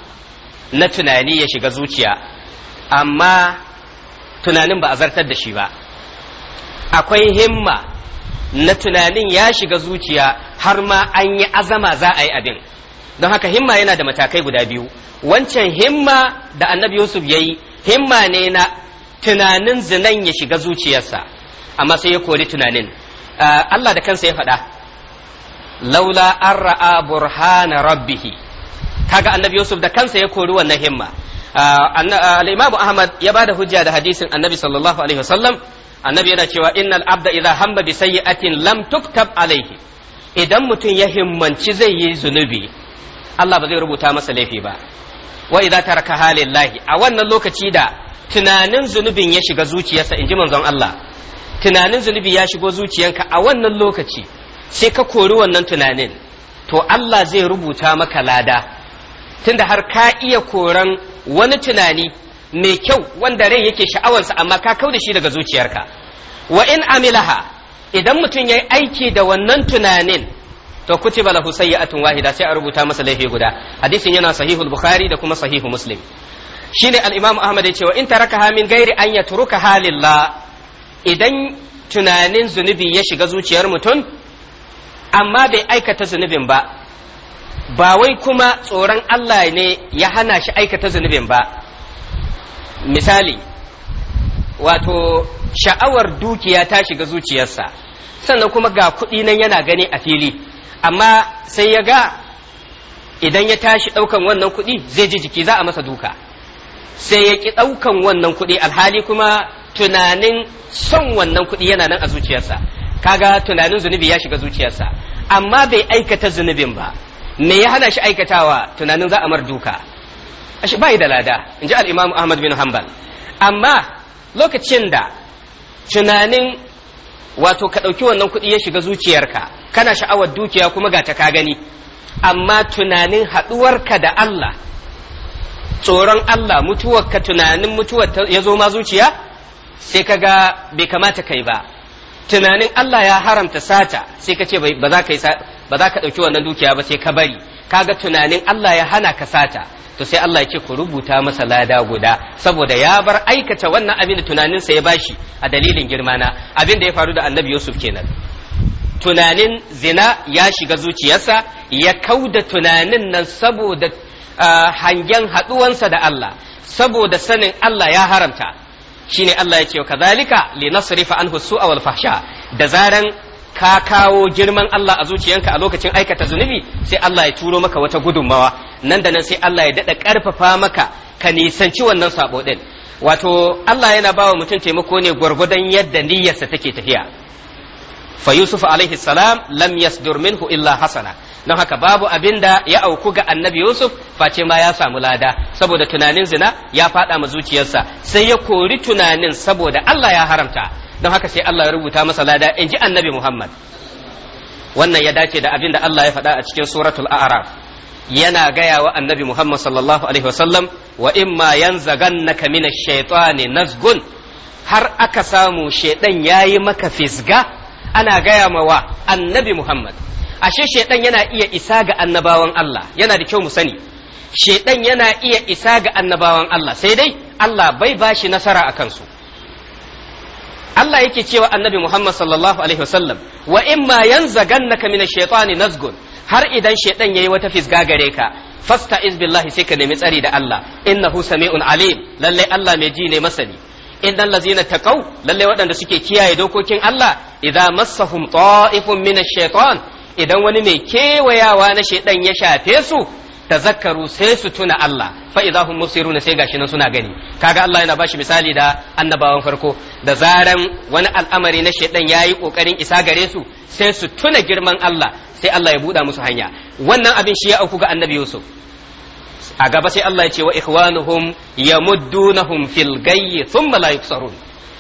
na tunani ya shiga zuciya amma tunanin ba a zartar da shi ba akwai himma na tunanin ya shiga zuciya har ma an yi azama za a yi abin don haka himma yana da matakai guda biyu wancan himma da annabi yusuf ya yi himma ne na tunanin zinan ya shiga zuciyarsa amma sai ya kori tunanin ah, Allah da kansa ya faɗa laula an ra'a burhana rabbihi kaga annabi yusuf da kansa ya kori wannan himma ah, ah, al-imamu ahmad ya bada hujja da hadisin annabi sallallahu alaihi wasallam annabi yana cewa innal abda idza hamma bi sayyi'atin lam tuktab alaihi idan mutum ya himmanci zai yi zunubi Allah ba zai rubuta masa laifi ba wa idza taraka halillahi a wannan lokaci da tunanin zunubin ya shiga zuciyarsa inji manzon Allah tunanin zunubi ya shigo zuciyanka a wannan lokaci sai ka kori wannan tunanin to Allah zai rubuta maka lada tunda har ka iya koran wani tunani mai kyau wanda rai yake sha'awarsa amma ka kau da shi daga zuciyarka wa in amilaha idan mutum ya yi aiki da wannan tunanin to kutiba Bala atun wahida sai a rubuta masa laifi guda hadisin yana sahihu bukhari da kuma sahihu muslim shine al-imam ahmad ya ce wa in tarakaha min gairi an yatruka halillah idan tunanin zunubi ya shiga zuciyar mutum amma bai aikata zunubin ba ba wai kuma tsoron Allah ne ya hana shi aikata zunubin ba misali wato sha'awar dukiya ta shiga zuciyarsa sannan kuma ga kuɗi nan yana gani a fili amma sai ya ga idan ya tashi ɗaukan wannan kuɗi zai ji jiki za a masa duka sai ya ƙi ɗaukan wannan kuɗi alhali kuma tunanin son wannan kuɗi yana nan a zuciyarsa kaga tunanin zunubi ya shiga zuciyarsa amma bai aikata zunubin ba me ya hana shi aikatawa tunanin za a mar duka ashe bai da lada in ji al'imamu ahmad bin hanbal amma lokacin da tunanin wato ka ɗauki wannan kuɗi ya shiga zuciyarka kana sha'awar dukiya kuma ga ta ka gani amma tunanin haɗuwarka da Allah tsoron Allah mutuwarka tunanin mutuwar ya zo ma zuciya sai ka ga bai kamata kai ba tunanin Allah ya haramta sata sai ka ce ba za ka yi ba za ka ɗauki wannan dukiya ba sai ka bari ka ga tunanin Allah ya hana ka sata to sai Allah ya ce ku rubuta masa lada guda saboda ya bar aikata wannan abin da tunaninsa ya bashi a dalilin girma na abin da ya faru da annabi Yusuf kenan tunanin zina ya shiga zuciyarsa ya kauda tunanin nan saboda hangen haɗuwansa da Allah saboda sanin Allah ya haramta shine Allah ya ce kazalika linasrifa anhu su'a wal fahsha da zaran ka kawo girman Allah a zuciyanka a lokacin aikata zunubi sai Allah ya turo maka wata gudunmawa nan da nan sai Allah ya daɗa ƙarfafa maka ka nisanci wannan sabo ɗin wato Allah yana bawa mutum taimako ne gwargwadon yadda niyyarsa take tafiya fa Yusuf alaihi salam lam yasdur minhu illa hasana don haka babu abin da ya auku ga annabi Yusuf face ma ya samu lada saboda tunanin zina ya faɗa ma zuciyarsa sai ya kori tunanin saboda Allah ya haramta don haka sai Allah ya rubuta masa lada in ji annabi Muhammad wannan ya dace da abin da Allah ya faɗa a cikin suratul a'raf yana gaya wa annabi Muhammad sallallahu alaihi wasallam wa imma yanzagannaka minash shaitani nazgun har aka samu shaidan yayi maka fisga ana gaya ma wa annabi Muhammad ashe shaidan yana iya isa ga annabawan Allah yana da kyau mu sani shaidan yana iya isa ga annabawan Allah sai dai Allah bai bashi nasara a kansu Allah yake cewa annabi Muhammad sallallahu alaihi wasallam wa in ma yanzagannaka min ash-shaytani nazgun har idan shaytan yayi wata fisga gare ka fasta'iz billahi sai ka nemi tsari da Allah innahu sami'un alim lalle Allah mai ji ne masani innal ladzina taqaw lalle waɗanda suke kiyaye dokokin Allah idza massahum ta'ifun min ash-shaytan idan wani mai kewayawa na shaytan ya shafe su tazakkaru sai su tuna Allah fa idza hum mubsirun sai gashi nan suna gani kaga Allah yana bashi misali da annabawan farko da zaran wani al'amari na shedan yayi kokarin isa gare su sai su tuna girman Allah sai Allah ya buɗa musu hanya wannan abin shi ya auku ga annabi Yusuf a gaba sai Allah ya ce wa ikhwanuhum yamuddunahum fil gayyi thumma la yusarun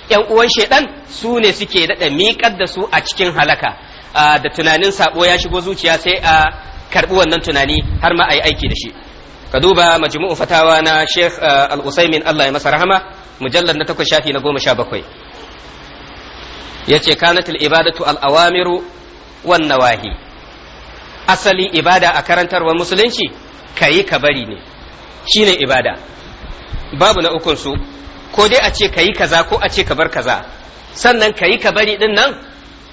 yan uwan shedan su ne suke dada miƙar da su a cikin halaka ah, da tunanin sabo ya shigo zuciya sai a ah, Karɓi wannan tunani har ma yi aiki da shi ka duba majmu'u fatawa na Sheikh eh, Al-Usaimin Allah ya masa rahama Mujallar na takwas shafi na goma sha bakwai yace kanat al-ibadatu al-awamiru wan nawahi asali ibada a karantarwar musulunci kayi ka bari ne shine ibada babu na ukun su ko dai a ce kayi kaza ko a ce ka bar kaza sannan kayi ka bari din nan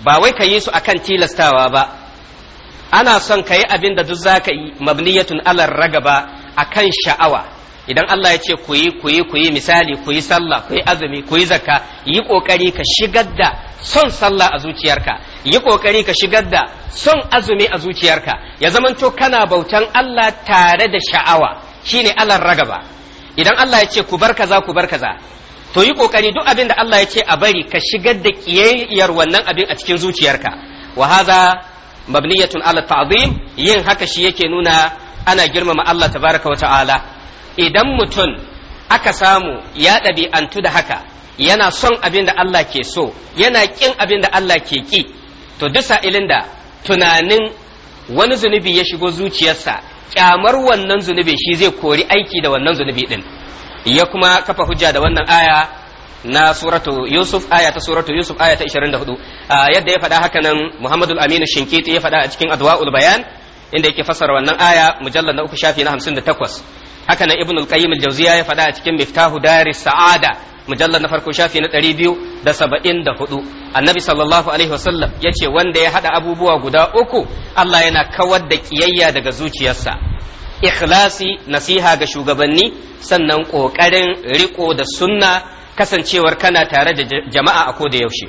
ba wai ka yi su akan tilastawa ba ana son ka yi abin da duk zaka yi mabniyatun alar ragaba akan sha'awa idan Allah ya ce ku yi ku yi ku yi misali ku yi sallah ku yi azumi ku yi zakka yi kokari ka shigar da son sallah a zuciyarka yi kokari ka shigar da son azumi a zuciyarka ya zamanto kana bautan Allah tare da sha'awa shine alar ragaba idan Allah ya ce ku bar kaza ku bar kaza to yi kokari duk abin da Allah ya ce a bari ka shigar da kiyayyar wannan abin a cikin zuciyarka wa hadha mabniyatun ala ta'zim yin haka shi yake nuna ana girmama Allah tabaraka wa ta'ala idan mutum aka samu ya ɗabi'antu da haka yana son abin da Allah ke so yana ƙin abin da Allah ke ƙi to duk sa'ilin da tunanin wani zunubi ya shigo zuciyarsa kyamar wannan zunubi shi zai kori aiki da wannan zunubi din ya kuma kafa hujja da wannan aya na suratu Yusuf aya ta suratu Yusuf aya ta 24 ah, yadda ya faɗa haka nan muhammadu aminu Shinkiti ya faɗa a cikin Adwa'ul Bayan inda yake fassara wannan aya mujallal na uku shafi na 58 haka nan Ibn al-Qayyim al-Jawziya ya faɗa a cikin Miftahu dari Sa'ada mujallal na farko shafi na 274 Annabi sallallahu alaihi wasallam yace wanda ya hada abubuwa guda uku Allah yana kawar da kiyayya daga zuciyarsa ikhlasi nasiha ga shugabanni sannan ƙoƙarin riko da sunna kasancewar kana tare da jama'a a koda yaushe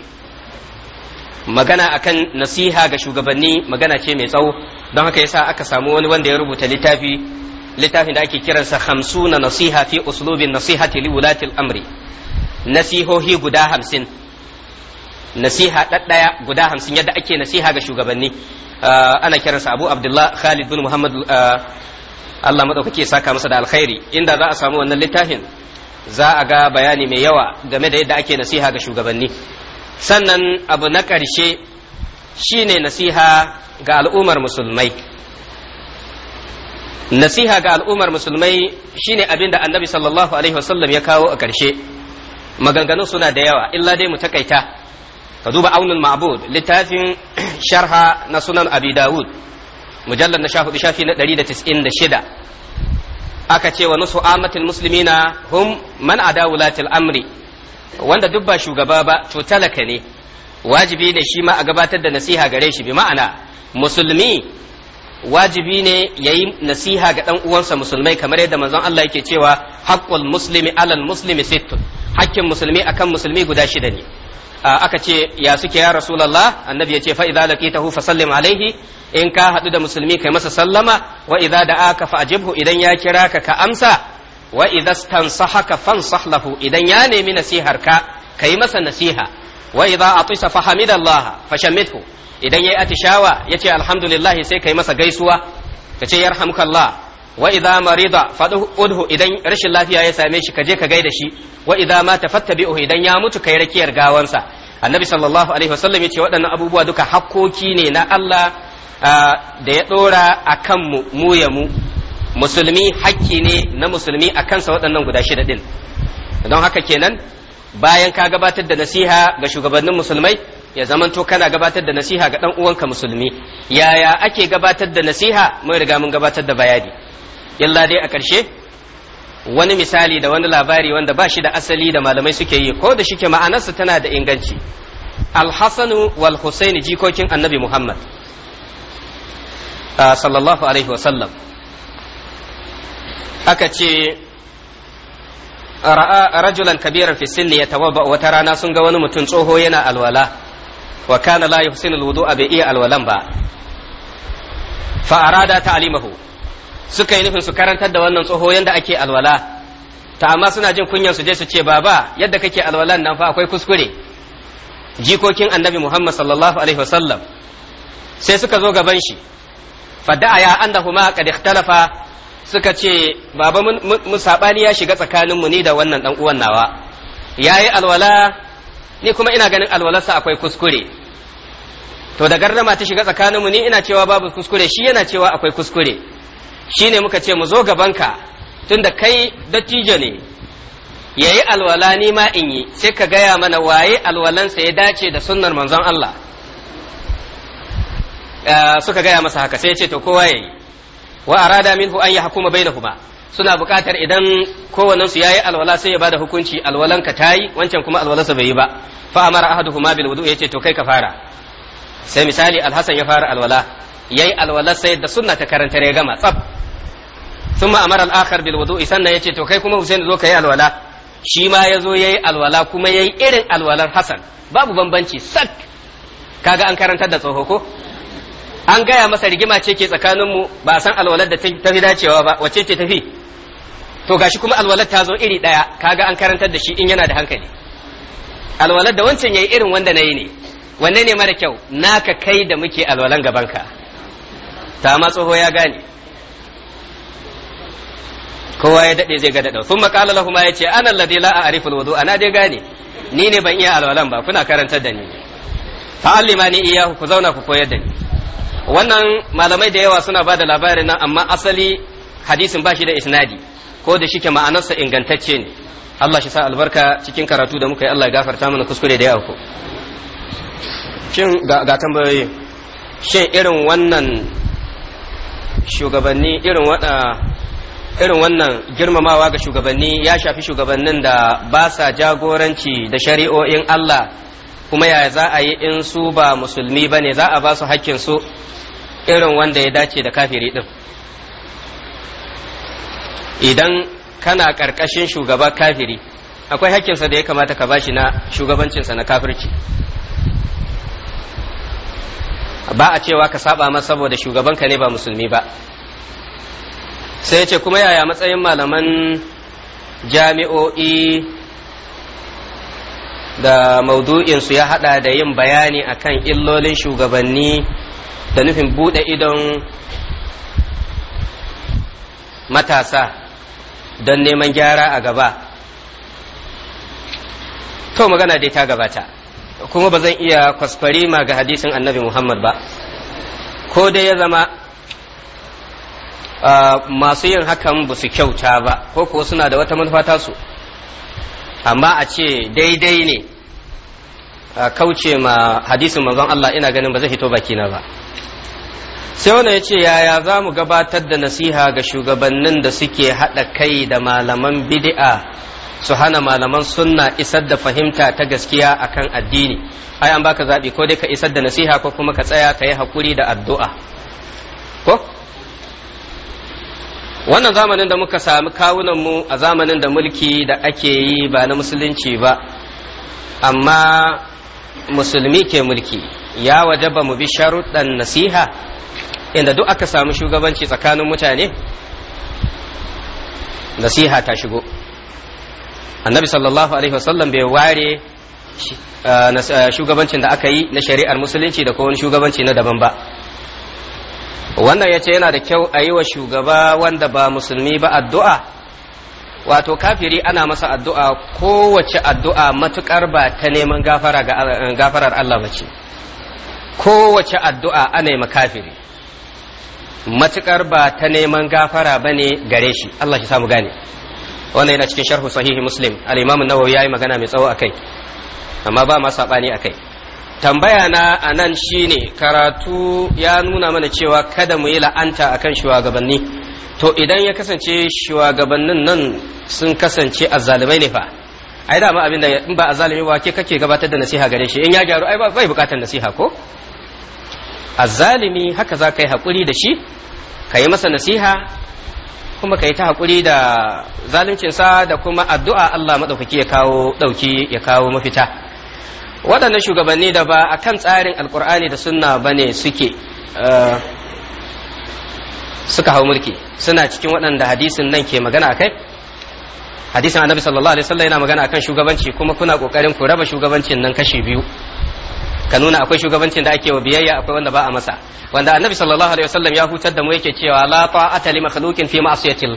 magana akan nasiha ga shugabanni magana ce mai tsawo don haka yasa aka samu wani wanda ya rubuta littafi littafin da ake kiransa hamsuna nasiha fi uslubin nasiha li wulatil amri nasihohi guda hamsin nasiha ɗaɗɗaya guda hamsin yadda ake nasiha ga shugabanni ah, ana kiransa abu abdullah khalid bin muhammad ah, Allah maɗaukaki saka masa da alkhairi inda za a samu wannan littafin za a ga bayani mai yawa game da yadda ake nasiha ga shugabanni sannan abu na ƙarshe shine nasiha ga al'ummar musulmai nasiha ga al'ummar musulmai shine abin da annabi sallallahu alaihi wasallam ya kawo a ƙarshe maganganun suna da yawa illa dai mu takaita ka duba aunin ma'bud littafin sharha na sunan abi dawud mujallar na shafi na 196 aka ce wa nusu amatil muslimina hum man amri wanda duk ba shugaba ba to talaka ne wajibi ne shi ma a gabatar da nasiha gare shi bi ma'ana musulmi wajibi ne yayi nasiha ga ɗan uwansa musulmai kamar yadda manzon Allah yake cewa haqqul musulmi alal musulmi sittun hakkin musulmi akan musulmi guda shida ne aka ce ya suke ya rasulullah annabi ya ce fa idza laqitahu fa sallim alaihi in ka haɗu da musulmi kai masa sallama wa idza da'aka ajibhu idan ya kira ka ka amsa wa idza stansahaka fansah lahu idan ya nemi nasihar ka kai masa nasiha wa idza atisa fahamidallah fashammithu idan yayi atishawa yace alhamdulillah sai kai masa gaisuwa kace yarhamukallah wa idza marida fadu udhu idan rashin lafiya ya same shi kaje ka gaida shi wa idza mata fattabi'u idan ya mutu kai rakiyar gawansa annabi sallallahu alaihi wasallam yace waɗannan abubuwa duka hakkoki ne na Allah Ah, da ya ɗora a kanmu mu ya mu musulmi hakki ne na musulmi a kansa waɗannan guda shida ɗin don haka kenan bayan ka gabatar da nasiha ga shugabannin musulmai ya zamanto kana gabatar da nasiha ga ɗan uwanka musulmi yaya ake gabatar da nasiha mun riga mun gabatar da bayani illa dai a ƙarshe wani misali da wani labari wanda ba shi da asali da malamai suke yi ko da shike ma'anarsa tana da inganci alhassanu wal husaini jikokin annabi muhammad sallallahu alaihi wasallam aka ce ra'a rajulan kabiran fi sinni yatawadda wata rana sun ga wani mutum tsoho yana alwala wa kana la yuhsinu a bai iya alwalan ba fa arada ta'limahu suka yi nufin su karantar da wannan tsoho yanda ake alwala ta amma suna jin kunyan su je su ce baba yadda kake alwalan nan fa akwai kuskure jikokin annabi Muhammad sallallahu alaihi wasallam sai suka zo gaban shi fada'aya annahuma qad ikhtalafa suka ce baba mun sabani ya shiga tsakanin mu ne da wannan dan uwan nawa yayi alwala ni kuma ina ganin alwalarsa akwai kuskure to da gardama ta shiga tsakanin mu ni ina cewa babu kuskure shi yana cewa akwai kuskure shine muka ce mu zo gabanka tunda kai dattijo ne yayi alwala ni ma in yi sai ka gaya mana waye alwalansa ya dace da sunnar manzon Allah Eh, suka gaya masa haka sai ya ce to kowa yayi wa arada minhu an yahkuma bainahuma suna buƙatar idan kowannen su yayi alwala sai ya bada hukunci alwalan ka tayi wancan kuma alwalansa bai yi ba fa amara ahaduhuma bil wudu yace to kai ka fara sai misali alhasan ya fara alwala yayi alwala sai da sunna ta karantar ya gama tsaf thumma amara al-akhar bil wudu sannan yace to kai kuma Hussein zo kai alwala shi ma ya yazo yayi alwala kuma yayi irin alwalar Hassan babu bambanci sak kaga an karantar da tsoho ko an gaya masa rigima ce ke tsakaninmu ba san alwalar da ta fi dacewa ba wace ce tafi to gashi kuma alwalar ta zo iri ɗaya kaga an karantar da shi in yana da hankali alwalar da wancan yayi irin wanda na yi ne wanne ne mara kyau naka kai da muke alwalan gabanka ta ma tsoho ya gane kowa ya daɗe zai ga daɗau sun makala lahu ya ce ana ladi la a wudu ana dai gane ni ne ban iya alwalan ba kuna karantar da ni fa'allima ni iyahu ku zauna ku koyar da ni wannan malamai da yawa suna ba da labarin nan amma asali hadisin ba shi da isnadi ko da shike ma'anarsa ingantacce ne Allah shi sa albarka cikin karatu da muka yi Allah ya gafarta mana kuskure da yawa ko shin ga tambayoyi shin irin wannan shugabanni irin wada irin wannan girmamawa ga shugabanni ya shafi shugabannin da ba sa jagoranci da shari'o'in Allah kuma yaya za a yi in su ba musulmi ba ne za a ba su su irin wanda ya dace da kafiri ɗin idan kana ƙarƙashin shugaba kafiri akwai hakkinsa da ya kamata ka bashi na shugabancinsa na kafirci ba a cewa ka saba masa saboda shugabanka ne ba musulmi ba sai ce kuma yaya matsayin malaman jami'o'i da maudu'insu ya hada da yin bayani akan illolin shugabanni da nufin bude idon matasa don neman gyara a gaba to magana dai ta gabata kuma ba zan iya ma ga hadisin annabi muhammad ba ko dai ya zama ah, masu yin hakan ba su kyauta ba ko kuwa suna da wata manufa su amma a ce daidai ne a kauce ma hadisin manzon Allah ina ganin ba zai hito bakina ba sai wanda ya ce yaya za mu gabatar da nasiha ga shugabannin da suke haɗa kai da malaman bid'a su hana malaman sunna isar da fahimta ta gaskiya akan addini ai an baka zaɓi ko dai ka isar da nasiha ko kuma ka tsaya ka yi haƙuri da addu'a ko wannan zamanin da muka sami kawunan mu a zamanin da mulki da ake yi ba na musulunci ba amma musulmi ke mulki ya waje ba mu bi sharuɗan nasiha inda duk aka samu shugabanci tsakanin mutane nasiha ta shigo annabi sallallahu alaihi wasallam bai ware eh, eh, shugabancin da aka yi na shari'ar musulunci da kowane shugabanci na daban ba wannan ya ce yana da kyau a yi wa shugaba wanda ba musulmi ba addu'a wato kafiri ana masa addu'a kowace addu'a matuƙar ba ta neman eh, gafarar Allah ba ce kowace addu'a ana yi kafiri matuƙar ba ta neman gafara ba ne gare shi Allah shi samu gane wannan yana cikin sharhu sahihi muslim al-imam nawawi yi magana mai tsawo a kai amma ba ma a kai. tambaya na a nan shine karatu ya nuna mana cewa kada mu yi la'anta akan shugabanni to idan ya kasance shugabannin nan sun kasance azzalumai ne fa ai dama abin da in ba azzalumi ba ke kake gabatar da nasiha gare shi in ya gyaru ai bai bukatar nasiha ko azzalumi haka za ka yi haƙuri da shi ka yi masa nasiha kuma ka yi ta haƙuri da zaluncinsa da kuma addu'a Allah maɗaukaki ya kawo ɗauki ya kawo mafita waɗannan shugabanni da ba a kan tsarin alkur'ani da sunna ba ne suke eh, suka hau mulki suna cikin waɗanda hadisin nan ke magana kai. hadisin annabi sallallahu alaihi wasallam yana magana akan shugabanci kuma kuna kokarin ku raba shugabancin nan kashi biyu ka nuna akwai shugabancin da ake wa biyayya akwai wanda ba a masa wanda annabi sallallahu alaihi wasallam ya hutar da mu yake cewa la ta'ata li makhluqin fi ma'siyatil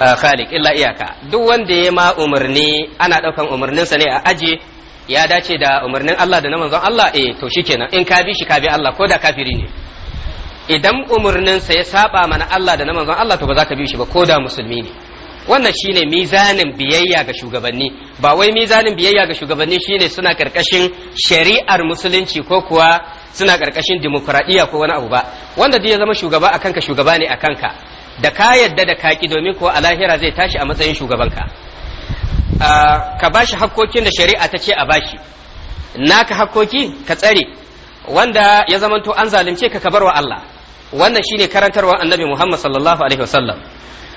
eh, khaliq illa iyaka duk wanda ya ma umarni ana daukan umarninsa ne a aje ya dace da umarnin Allah da na manzon Allah eh to shikenan in ka bi shi ka bi Allah ko da kafiri ne idan umarninsa ya saba mana Allah da na manzon Allah to ba za ka bi shi ba ko da musulmi ne wannan shine mizanin biyayya ga shugabanni ba wai mizanin biyayya ga shugabanni shine suna karkashin shari'ar musulunci ko kuwa suna karkashin demokradiyya ko wani abu ba wanda duk ya zama shugaba a kanka shugaba ne a kanka da ka yadda da kaki domin ko a lahira zai tashi a matsayin shugabanka ka bashi hakkokin da shari'a ta ce a bashi naka hakkoki ka tsare wanda ya zamanto an zalunce ka kabar wa Allah wannan shi ne karantarwa annabi Muhammad sallallahu alaihi wasallam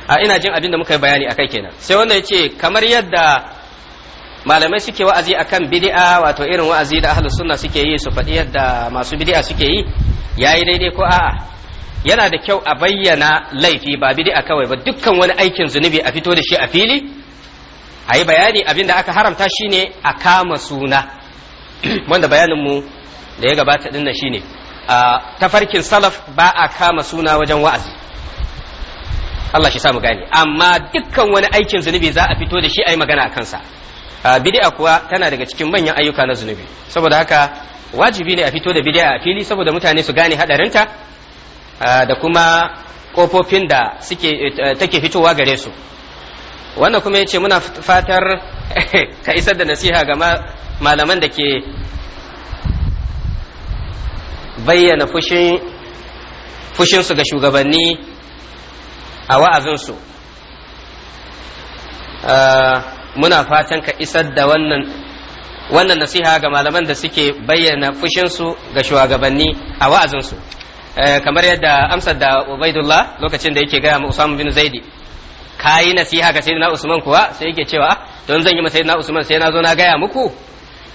a ina jin abin da muka yi bayani akai kenan sai wannan ce kamar yadda malamai suke wa'azi akan bidi'a wato irin wa'azi da ahlus sunna suke yi su faɗi yadda masu bidi'a suke yi yayi daidai ko a'a yana da kyau a bayyana laifi ba bidi'a kawai ba dukkan wani aikin zunubi a fito da shi a fili a yi bayani abin da aka haramta shine a kama suna wanda bayaninmu da ya gabata din nan shine a tafarkin salaf ba a kama suna wajen wa'azi Allah shi samu gane amma dukkan wani aikin zunubi za a fito da shi a yi magana a kansa bid'a kuwa tana daga cikin manyan ayyuka na zunubi saboda haka wajibi ne a fito da bid'a a fili saboda mutane su gane hadarinta da kuma kofofin da suke eh, take fitowa gare su wannan kuma ya ce muna fatar ka isar da nasiha ga malaman da ke bayyana fushinsu ga shugabanni a wa'azinsu ah, muna fatan ka isar da wannan wannan nasiha ga malaman da suke bayyana fushinsu ga shugabanni a wa'azinsu eh, kamar yadda amsar da ubaidullah lokacin da yake gaya ma usamu bin zaidi kayi nasiha ga sayyidina Usman kuwa sai yake cewa ah, don zan yi ma sayyidina Usman sai na zo na gaya muku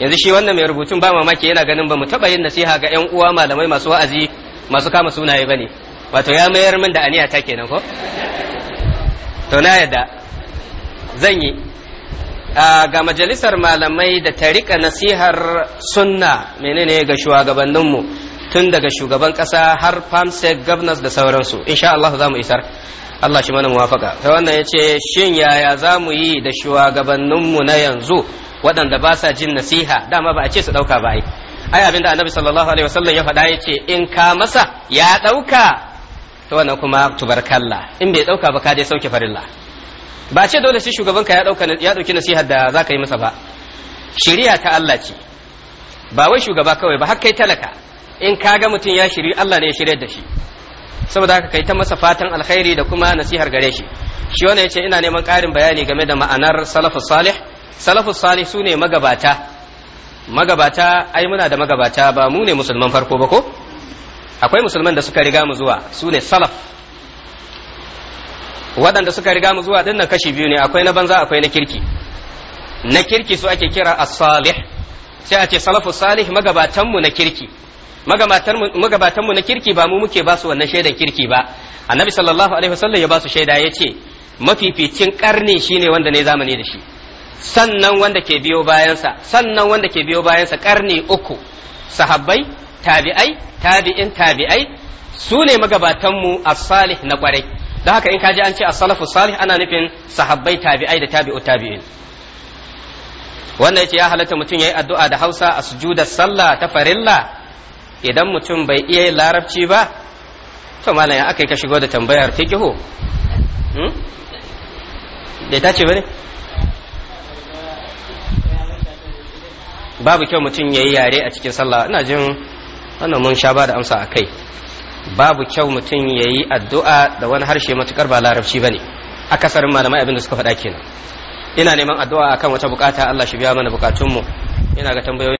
yanzu shi wannan mai rubutun ba mamaki yana ganin ba mu taba yin nasiha ga yan uwa malamai masu wa'azi masu kama sunaye bane wato ya mayar min da aniya ta kenan ko to na yadda zan yi ga majalisar malamai da ta rika nasihar sunna menene ga shugabanninmu tun daga shugaban kasa har famsec governors da sauransu insha Allah za mu isar Allah shi mana muwafaka sai wannan ya ce shin yaya za mu yi da shugabanninmu na yanzu waɗanda ba sa jin nasiha dama ba a ce su ɗauka ba ai ai abin da annabi sallallahu alaihi wasallam ya faɗa ya in ka masa ya ɗauka to wannan kuma tubarkalla in bai ɗauka ba ka dai sauke farilla ba ce dole shi shugabanka ya ɗauka ya ɗauki nasiha da za ka yi masa ba shiriya ta Allah ce ba wai shugaba kawai ba har kai talaka in ka ga mutum ya shiri Allah ne ya shirya da shi saboda haka kai ta masa fatan alkhairi da kuma nasihar gare shi shi wannan yace ina neman ƙarin bayani game da ma'anar salafus salih salafus salih sune magabata magabata ai muna da magabata ba mu ne musulman farko ba ko akwai musulman da suka riga mu zuwa sune salaf waɗanda suka riga mu zuwa dinnan kashi biyu ne akwai na banza akwai na kirki na kirki su ake kira as-salih sai a ce salafus salih mu na kirki Magabatanmu na kirki ba mu muke ba su wannan shaidan kirki ba annabi sallallahu alaihi wasallam ya ba su shaida ya ce mafificin karni shine wanda ne zamani da shi sannan wanda ke biyo bayansa sannan wanda ke biyo bayansa karni uku sahabbai tabi'ai tabi'in tabi'ai su ne magabatanmu as-salih na kwarai don haka in kaji an ce as-salafu salih ana nufin sahabbai tabi'ai da tabi'u tabi'in wannan yace ya halatta mutum yayi addu'a da Hausa a sujudar sallah ta farilla idan mutum bai iya yin larabci ba to malam aka yi ka shigo da tambayar da hmm? bai ce ba ne babu kyau mutum ya yi yare a cikin sallah ina jin wannan mun sha ba da amsa a kai babu kyau mutum ya yi addu'a da wani harshe matukar ba larabci ba ne akasarin malamai abin da suka faɗa kenan ina neman addu'a akan wata bukata Allah shi biya mana bukatunmu ina ga tambayoyi